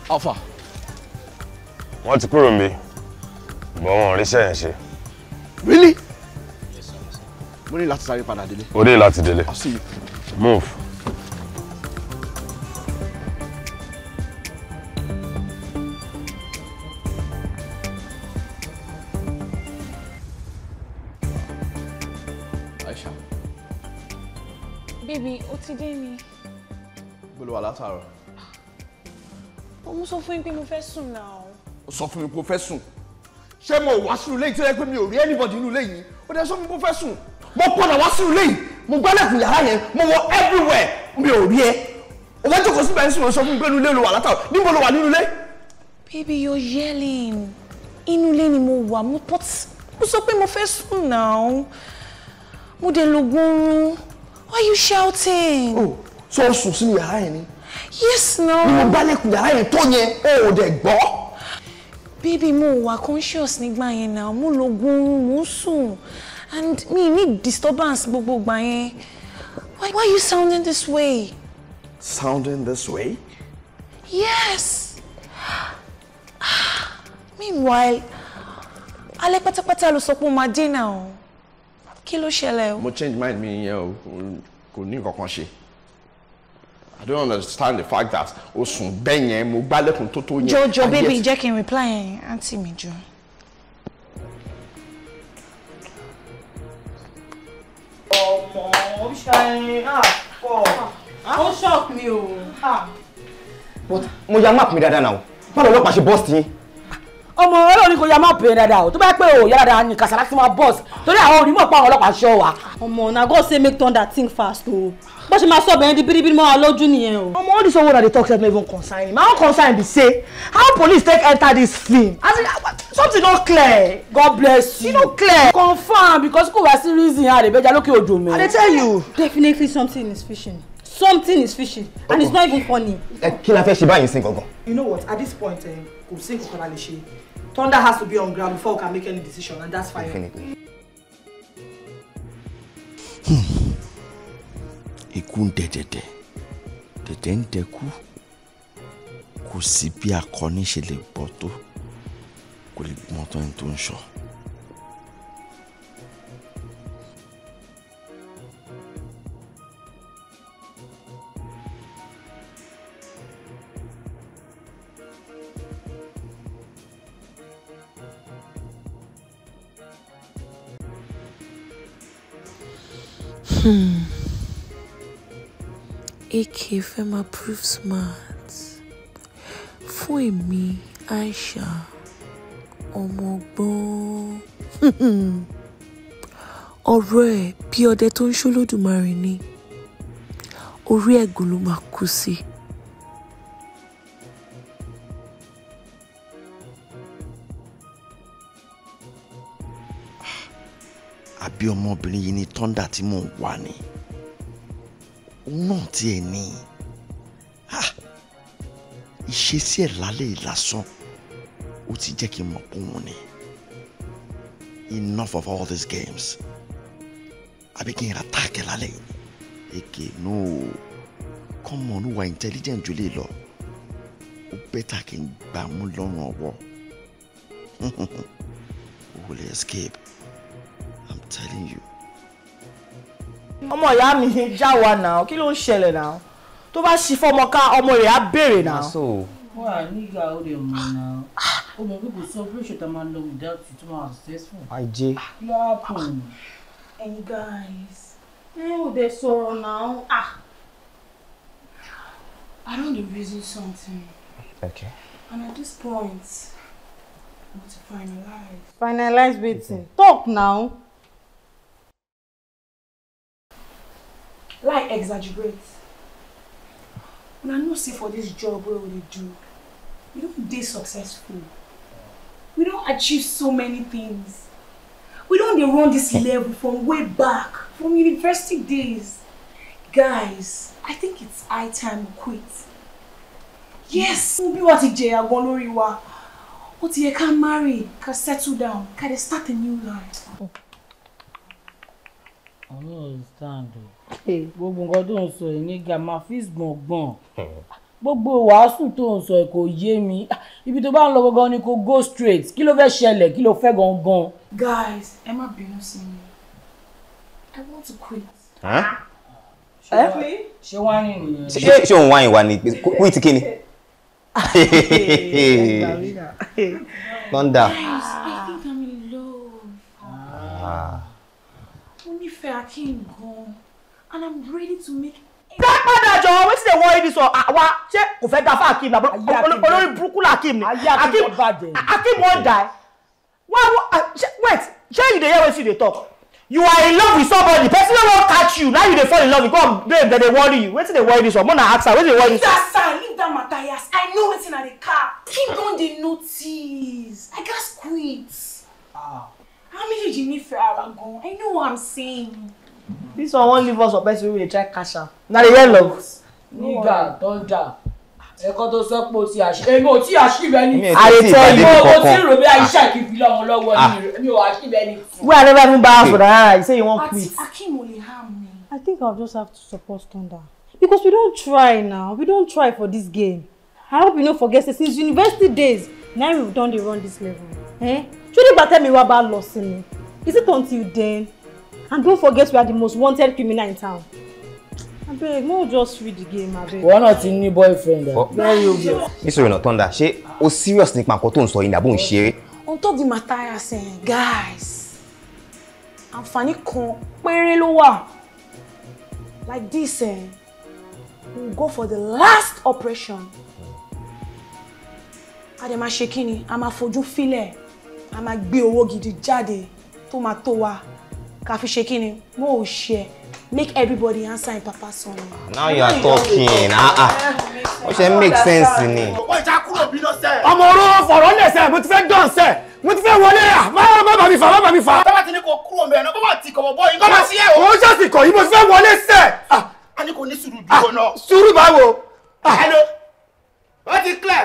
Alpha. wọ́n ti kúrò mi bọ́ wọn ò ríṣẹ́ yẹn ṣe. really? mo ní láti sáré padà délé. o ní láti délé. I'll see you. move. Aisha. Baby, ó ti dé ni. Bolo wà látàárọ̀. Ó mú sọ fún yín pé mo fẹ́ sùn náà. Ó sọ fún mi pé o fẹ́ sùn. Ṣé mo wá sùn léyìí tí ó yẹ pé mi ò rí anybody nínú léyìí? Ó dẹ̀ sọ fún mi pé o fẹ́ sùn mo padà wá sínú lẹ́yìn mo gbálẹ̀kùn yàrá yẹn mo wọ everywhere mi ò rí ẹ o jókòó síbẹ̀ nísìnyí o sọ fún mi pé inú ilé ló wà látàwọn níbo ló wà nínú ilé. baby you're yelling inú ilé ni mo wà mo pọ́t mo sọ pé mo fẹ́ sùn náà mo dé lógún rún why you shouting. oh so o sùn sínú yàrá yẹn ni. yes na. ni mo gbálẹ̀kùn yàrá yẹn tó yẹn o ò dẹ̀ gbọ́. baby mo wà conscious nígbà yẹn náà mo lógún rún mo sùn and me need disturbance gbogbo gbà yẹn why why are you sounding this way. sounding this way. yes meanwhile alẹ́ pátápátá ló sọ pé ó máa dé náà o kí ló ṣẹlẹ̀ o. mo change mind mi yẹn o kò ní nǹkan ṣe i don't understand the fact that o sùn bẹ́ẹ̀ yẹn mo gbálẹ̀kùn tó tó yẹn. jọ̀ọ́ jọ̀ọ́ baby jẹ́ kí n reply yẹn aunty mi jọ̀ọ́. ó ṣọ́ọ̀kì mi o. mo ya map mi dáadáa náà báwo lọ́pàá ṣe bọ́ọ̀sì yín ọmọ ọlọ́run ni kò yá máa bẹ̀rẹ̀ dáadáa o tó bá pẹ́ o yára dáa ni kàṣàlá ti máa bọ́ọ̀sì torí àwọn onímọ̀ pa àwọn ọlọ́pàá ṣọ́ wa. ọmọ na god say make thunder think fast o bó ṣe máa sọ bẹ̀rẹ̀ di bíríbírí mọ́ wa lójú nìyẹn o. ọmọ all this one wey i dey talk sef no even concern me my own concern be say how police take enter this film as in something no clear. god bless you. e no clear. confam because kò wá sí reason a lè bẹja lókè odò mẹ. i dey tell you. definitely something is fishing something is fishing and it's not even funny. Eh, kí la fẹ́ ṣe báyìí sí gangan. you know what at this point eh, kò sí nǹkan kan la lè ṣe Thunder has to be on ground before we can make any decision, and that's fine. Definitely. Hmm. Ikú ń dẹ̀dẹ̀dẹ̀, dẹ̀dẹ̀ ń dẹkú, kò sí bí akọni ṣe lè bọ́ tó, kò um hmm. ak fẹ́ prove smart fún èmi aisha ọmọ ọgbọ́n ọ̀rọ̀ ẹ̀ bí ọdẹ tó ń ṣolódùmarè ni orí ẹ̀gùn ló máa kú sí i. àbí ọmọbìnrin yìí ni tọ́ndà tí mò ń wà ni òun náà tiẹ̀ ní ìṣesí ẹ̀ lálẹ́ ìlàsán ó ti jẹ́ kí n mọ̀ pé òun ni enough of all these games àbí kí n ra táàkì lálẹ́ yìí èké no come on wà intelligent jù lè lọ ó bẹ́tà kí n gbà mú lọ́rùn ọwọ́ o lè escape. I'm telling you. ọmọ ìyá mi já wa náà kí ló ń ṣẹlẹ̀ náà tó bá ṣì fọmọ ká ọmọ rẹ̀ á béèrè náà. wà á nígbà ó lè mú náà ó mọ pé kò sọ pé ìṣètò máa lọ without you tó máa successful. àìjẹ́ láàpùn. ẹ̀yin guys ẹ ò dé sọ̀rọ̀ náà ah I don't dey reason something. Okay. And at this point, I want to finalize. Finalize wetin? Talk now. like exaggerate una know say for this job wey we dey do we don't dey successful we don't achieve so many things we don't dey run dis level from way back from university days guys i think it's high time we quit yes be what it is. jẹyà gan lórí wa ó ti yẹ ká marry Can settle down Can start a new life gbogbo nǹkan tó ń sọ yìí ní gàmà fíìs gbọ̀ngbọ̀n hmm. gbogbo wàásù tó ń sọ yìí kò yé mi ah, ibi tó bá ń lọ gangan ni kò go straight kí ló fẹ́ ṣẹlẹ̀ kí ló fẹ́ gangan. guys ẹ má bínú sí mi i want to quit. ṣé wọ́n á rìn nìyẹn. ṣé òun wáyìn wá ni quit kí ni. thunder. fẹ́ Akin gan and I'm ready to make. dá padà jọ wetin dey worry dis one wa ṣé kò fẹ́ dáfà Akin na olórí burúkú la Akin ni Akin wan die wait shey you dey hear wetin you dey talk you are in love with somebody person wey wan catch you now you dey fall in love with god babe dem dey worry you wetin dey worry this one mona ask her wetin dey worry this. one. leave that sign leave that matter yes i know wetin i dey cap king don dey notice i gats quit. Ah. How many did you need for Aragon? I know what I'm saying. This one won't leave us for best we dey try cash am. Na the yellow. Nígbà tọ́jà. Ẹ̀kọ́ tó sọ pé o ti àṣì. Èmi ò tí àṣì bẹ́ẹ̀ ni. Àrètọ́ ìbò kọ̀ọ̀kan. Mo ti rò bí ah. Aisha kì í fi lọ́wọ́ lọ́wọ́ ni ah. mi ò àṣì bẹ́ẹ̀ ni. Wíwá never even buy for that. You say you wan quit. Akim only I think I'll just have to support Thunder. Because we don't try now. We don't try for this game. I hope you don't forget that since university days, Now we've done dey run this level. Eh? ṣó nígbà tẹ́mi wá bá lọ sí mi is it until then and don't forget we are the most wanted criminal in town. abeg mo just read the game abeg. Why not, ti ní boyfriend ah. very obvious. mr rena She, ṣé o serious nípa nǹkan tó ń sọ yìí share. on top the matter I say guys àǹfààní kan péré ló wà like this eh, We'll go for the last operation a dẹ̀ máa ṣe kí a máa fojú filẹ̀ a máa gbé owó gidi jáde tó máa tó wa ká fi ṣe kí ni mo ò ṣe make everybody answer in papa son. now you are talking Ah ah. ó ṣe make sense ni. ọ̀pọ̀ ìjà kúrò bí lọ́sẹ̀. ọmọ oró fọ̀rọ̀ lẹ́sẹ̀ mo ti fẹ́ dán sẹ̀ mo ti fẹ́ wọlé à má má bà mí fà má bà mí fà. bàbá ti ní kò kúrò mẹ́rin bàbá ti kọ̀ bọ́ yìí lọ́dọ̀ sí ẹ̀ o. òun ṣàtì kọ̀ yìí mo ti fẹ́ wọlé sẹ̀. a ní kò ní sùúrù dúró náà. Ah, sùúrù báwo. Ah. hello wọ́n ti clear.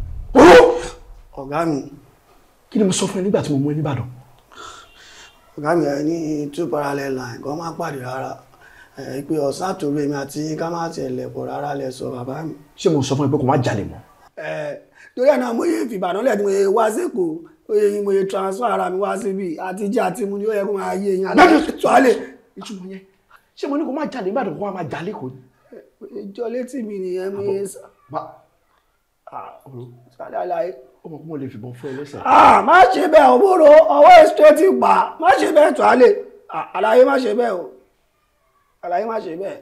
ọ̀gá mi. kí ni mo sọ fún ẹ nígbà tí mo mú ẹ nìbàdàn. ọ̀gá mi ẹ ní two parallel line kan máa pàdé rárá ẹ pé ọ̀sán àtòrò èmi àti yín ká má tiẹ̀ lẹ̀pọ̀ rárá lẹ sọ bàbá mi. ṣé mo sọ fún ẹ pé kò má jalè mọ́. ẹ torí ẹ̀ náà mo yé fìbàdàn lẹ́ẹ̀dí mo yé wá sẹ́kọ̀ọ́ ó yẹ yín mo yé transfer ara mi wá síbi àtijọ́ àti mu ni ó yẹ kó máa yé yín àlejò tó alẹ́ ìtumọ̀ yẹn ṣé mo ní kó má jalè nígbàdàn kó wá má jalè kò ní. ìjọ létí mi nìyẹn mo yé sá. sálẹ̀ ah, àlàyé ó mọ̀ pé mo lè fìbọn fún ẹ lẹ́sẹ̀. ah má ṣe bẹ́ẹ̀ ò búrò ọwọ́ èso ti pa má ṣe bẹ́ẹ̀ tó a lè àlàyé má ṣe bẹ́ẹ̀ o àlàyé má ṣe bẹ́ẹ̀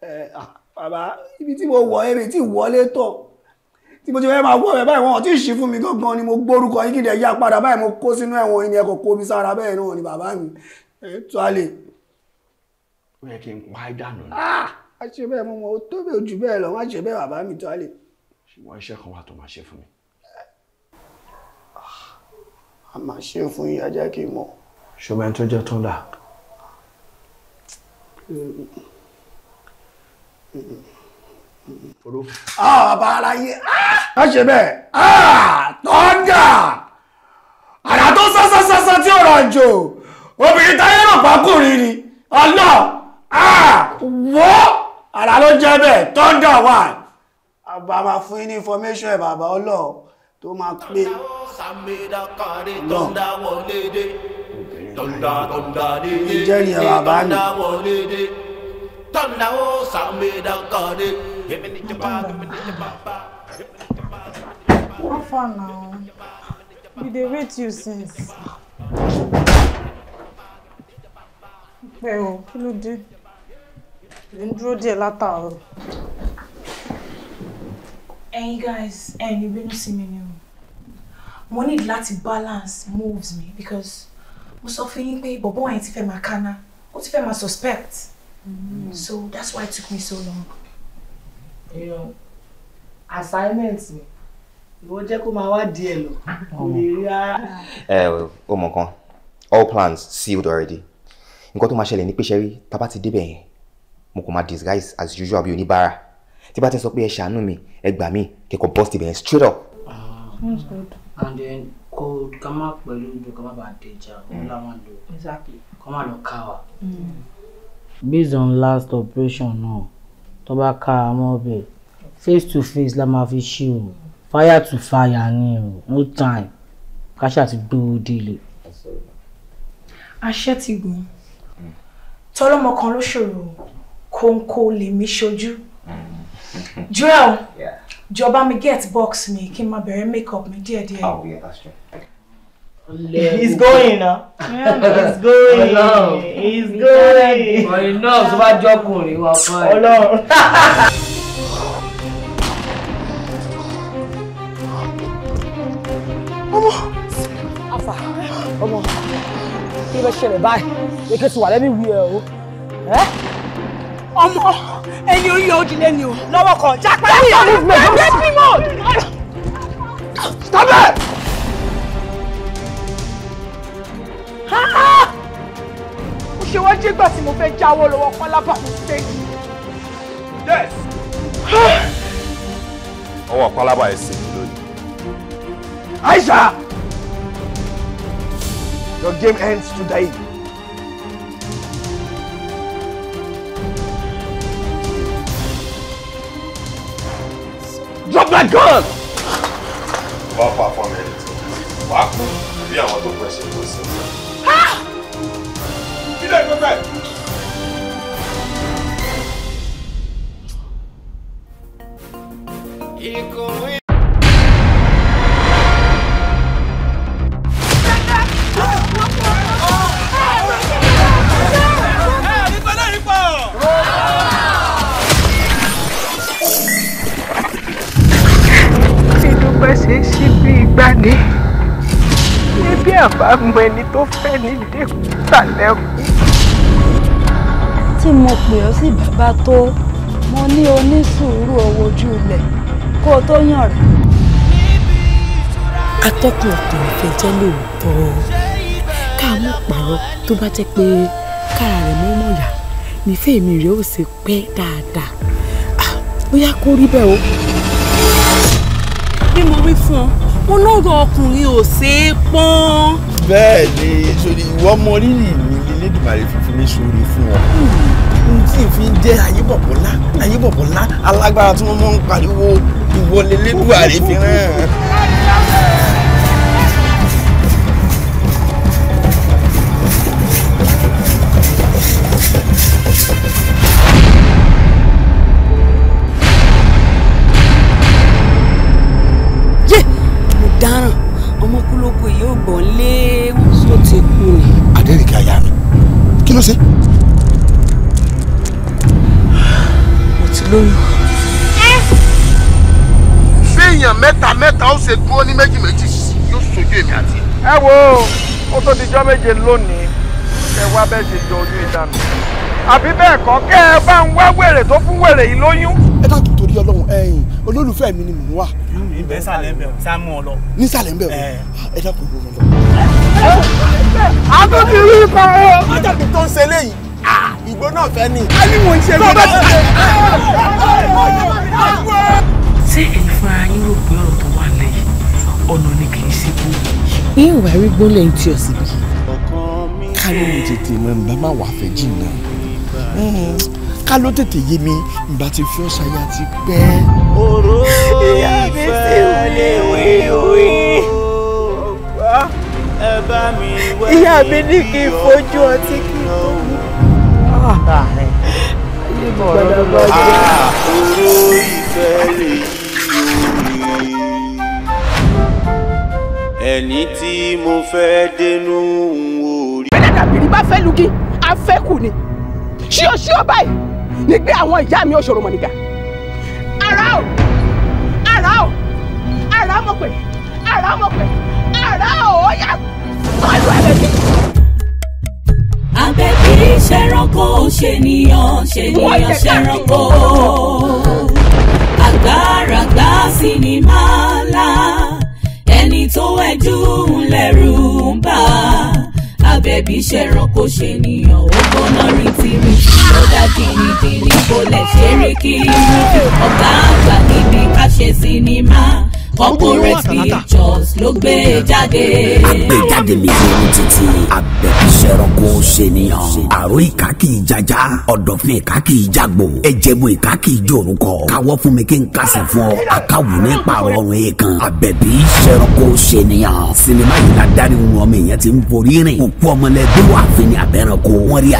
ẹ eh, ah, bàbá ibi tí mo wọ ẹ̀mí tí wọlé tọ̀ tí mo ti fẹ́ máa wọ ẹ̀ báyìí wọn ò tí ì ṣí fún mi gangan ni mo gbórúkọ yín kíndẹ̀ yá padà báyìí mo kó sínú ẹ̀wọ̀n yín ni ẹ kò kó mi sára bẹ́ẹ̀ náà ni bàbá mi ẹ tó a lè. ó yẹ kí n pa á dànù. ah má ṣe bẹ́ẹ̀ mo mọ̀ ó tó bẹ́ẹ̀ jù bẹ́ẹ̀ lọ má ṣe bẹ́ẹ̀ bàbá mi tó a lè. ṣùgbọ́n iṣẹ́ kan wà tó máa ṣe fún mi àmà ṣe fún yín ajá kì í mọ̀. ṣùgbọ́n ẹni tó jẹ́ Tọ́lá. Ah, bàbá ara yín ah! á ṣe bẹ́ẹ̀ ah, tọ́jà àrà tó sásásásá tí ò ràjò obìnrin táyé rò pákùnrin ni ọ̀nà wọ́ àrà ló jẹ́ bẹ́ẹ̀ tọ́jà wà. àbá máa fún yín ní information ẹ̀ bàbá ọlọ́ọ̀ tó máa pé ìjẹ́rìí ẹ̀rọ àbá ni wọ́n fà náà we dey wait you since pẹ́ o kí ló dé lè ń dúró díẹ̀ látàárọ̀. And you guys and ẹ̀yin ìbínú sí mi ni o mo need láti balance moves me because mo sọ fún yín But bọ̀bọ̀ yẹn ti fẹ́ máa kánná ó ti fẹ́ suspect mm. so that's why it took me so long. You know, assignments. mi ìwọ check on my wá díẹ̀ lọ kò lè rí rárá. all plans sealed already nǹkan tó máa ṣẹlẹ̀ ní pé ṣe rí tá a bá ti débẹ̀ yẹn mo kò máa disguise as usual bí oníbàárà tí bá ti sọ pé ẹ ṣàánú mi ẹ gbà mí kẹkọọ bọ́ọ̀sì tìbẹ̀ yẹn straight up. Ah, and then kò ká má pẹ̀lú ìlú ká má bàa dèjà òun làwọn lò kó má lọ ká wa. Mm. based on last operation náà tó bá ká a mọ́ bẹ́ẹ̀ face to face la máa fi ṣe o fire to fire ni o no time káṣà ti gbówó délé. àṣẹ ti gùn tọlọmọ kan ló ṣòro kóńkó lèmi ṣojú. Joel, yeah. jọba me get box me, kí n máa makeup me dear dear. Oh yeah, that's true. He's going now. He's going. He's going. Ọ̀rẹ́ náà tó bá jọ́kùnrin wà you. ẹ. Ọlọ́run. Ọmọ. on, Ọmọ. Kí ló ṣẹlẹ̀ báyìí? Èké ti wà lẹ́mí wí ẹ̀ o. Ẹ́ ọmọ ẹni orí ọdí lẹ́ni o. lọ́wọ́ kan jápá ní ìlú ìgbẹ́ bímọ. Stop it! mo ṣe wá jẹ́gbà tí mo fẹ́ jáwọ́ lọ́wọ́ pálábà mi sẹ́yìn. Yes! ọwọ́ pálábà ẹ̀ sì ni lónìí. Aisha! Your game ends today. Drop that gun! Wà á me? anything. Wà á kú bí àwọn tó pẹ̀sẹ̀ kò sí. Ilé pẹpẹ. Ìkòwé. bá ṣe é ṣe bí igbá ni ẹbí àbámọ̀ ẹni tó fẹ́ ní dẹ́kúta lẹ́kùn. tí mo pè ọ́ sí bàbá tó mo ní onísùúrù owó ojú ilẹ̀ kó o tó yàn rẹ̀. atọ́kùn ọ̀tọ̀ ìfẹ́ jẹ́ lóòótọ́ ká mú pààrọ̀ tó bá jẹ́ pé kára rẹ̀ mọ́ mọ̀yà nífẹ̀ẹ́ mi rẹ̀ ó sì pẹ́ dáadáa bóyá kó rí bẹ́ẹ̀ o bí mo wí fún ọ mo lọ́rọ̀ ọkùnrin ò ṣeé pọ́n. bẹ́ẹ̀ ni sori ìwọ mọ rírì mi lẹ́dùnmáre fífi ní sori fún ọ ohun tí n fi ń jẹ́ ayébọ̀bọ̀lá ayébọ̀bọ̀lá alágbára tí wọ́n mọ̀ ń pariwo ìwọlé lẹ́dùnmáre fi hàn. tá ó ṣe dúró ní méjì méjì yóò sojú èmi àti. ẹ wo ó tó di jọ́ méje lónìí kẹ wá bẹ́ẹ̀ ṣe jọ oyún ìdánù àbí bẹ́ẹ̀ kọ́ kẹ́ ẹ bá ń wá wèrè tó fún wèrè yìí lóyún. ẹ dákun torí ọlọ́run ẹ̀yin olólùfẹ́ mi ni mò ń wà. ìbẹ́ sàlẹ̀ ń bẹ̀ sámú ọ lọ. ní sàlẹ̀ ń bẹ̀ wọ ẹ dákun ìlú wọn lọ. àtọ́ ti rí ipa ẹ. májàpé tó ń ṣe léyìí ìgbó náà fẹ́ ni. a ní mò ń ṣe lọ́dọ̀. ṣé ẹ̀yin fúnra yín rò pé ọ̀tọ̀ ọ̀nà ni kì í ṣe bó. yín wà rí gbólẹ̀ ń tí ọ síbi. ká ló lè tètè mọ nígbà má wà fẹ́ jìnnà ká ló tètè yé mi nígbà tí fi ọ̀sà ya ti pẹ́. òró ìyá mi sì wọlé wíwí. ìyá mi ní kí n fojú ọtí kí n tó wù. Gbàdàgbàdà. Òró ìfẹ́ lè yí orin ẹni tí mo fẹ́ dénú wò rí. bẹ́ẹ̀ dàbírí bá fẹ́ lugi afẹ́kù ni ṣíọ ṣíọ báyìí nígbẹ́ àwọn ìyá mi òṣòro mọ̀nìkà. ara o ara o ara mọ̀ pé ara mọ̀ pé ara o ó yà pẹ̀lú Àbẹ̀bí. Àbẹ̀bí ṣẹranko ṣènìyàn ṣènìyàn ṣẹranko àgbàràgbà sinimá láà ẹni tó wẹ́jú ńlẹ́rù ń bà á abẹ́bí ṣẹranko ṣènìyàn ó gbóná rí tìrì lọ́dà dìrìdìrì kò lẹ̀ ṣeré kí ọ̀gá àgbà níbi ká ṣe sinimá corporate pictures ló gbé jáde. àgbéjáde lè lórí títí àbẹ̀kíṣẹ́rọ́kọ ṣe níyàn. àrò ìka kì í jaja ọ̀dọ̀fin ìka kì í jagbo ẹ̀jẹ̀bu ìka kì í jòrúkọ káwọ́ fún mi kí n kásẹ̀ fún ọ àkàwù ní pààrọ̀ ọ̀run yìí kan. àbẹ̀kíṣẹ́rọ́kọ ṣe níyàn. sinimá yìí la dárí wọn mi yẹn ti ń borí rìn. òkú ọmọlẹ́gbẹ́ wà fún ni àbẹ̀rẹ̀kọ. wọ́n rí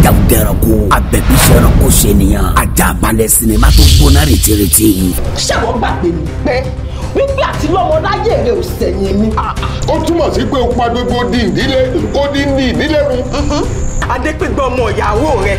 ajá ajaw dẹranko abẹ̀bí sẹranko ṣènìyàn àjàbalẹ̀ sinimá tó gbóná retireti. ṣẹ́wọ̀n gbàgbé mi pé wípé àti lọ́mọ láyé rẹ̀ ò sẹ̀yìn mi. ó túmọ̀ sí pé o pa gbogbo di ìdílé ó dín ní ìdílé mu. adépégbé ọmọ ìyàwó rẹ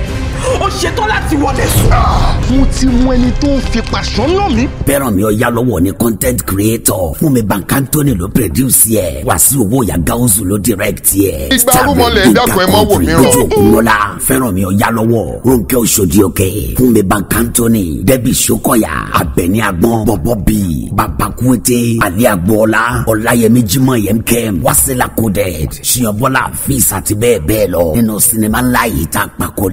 ó ṣetán láti wọlé sùn. mo ti mú ẹni tó ń fi pàṣán náà mi. bẹ́ẹ̀ràn mi ọ̀yá lọ́wọ́ ni content creator Fúnmi Bankantoni ló produce ẹ̀ Wàsíù Owóyà Gáúsù ló direct ẹ̀. ìgbà arúmọlẹ̀ ẹ̀dàkùn ẹ̀ mọ́ wò mí rọ. ògúnlọ́lá fẹ́ràn mi ọ̀yá lọ́wọ́ Rónkẹ́ Òṣòdì Òkè Fúnmi Bankantoni Dẹ́bì Ṣókọ̀yà Àbẹ̀ní Agbọ́n Bọ̀bọ̀ Bì Bàbá Kúwété Ali Agboola Ọláyẹmí Jímọ̀ Yemkem Wásílà Coded Ṣìyànbọ́lá fi àti bẹ́ẹ̀ bẹ́ẹ̀ lọ nínú sinimá ńlá yìí tá pàkó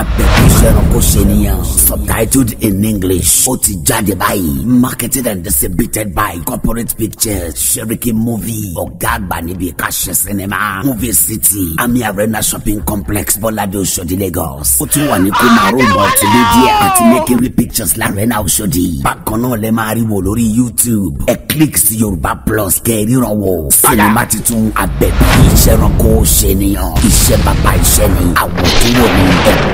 àgbẹ̀kọ́ṣe ẹranko ṣènìyàn subtitled in english ó ti jáde báyìí marketed and distributed by corporate pictures seriki movie ọ̀gá àgbà níbi ìkàṣẹ sinima movie city ami arena shopping complex bọ́ládé oṣòdì lagos ó tún wà ní kumaro mọ̀tì media àti mekiri pictures larena oṣòdì bákan náà lè máa rí lórí youtube ẹ click sí yorùbá plus kẹ́ẹ̀ríran wò sinima titun àgbẹ̀bí iṣẹ́ ẹranko ṣènìyàn iṣẹ́ bàbá iṣẹ́ ni àwòtúwò ni ẹ̀kọ́.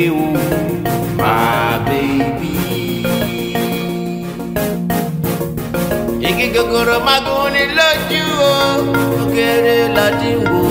ọ̀rọ̀ magun ni lójú o ògèrè ládìwò.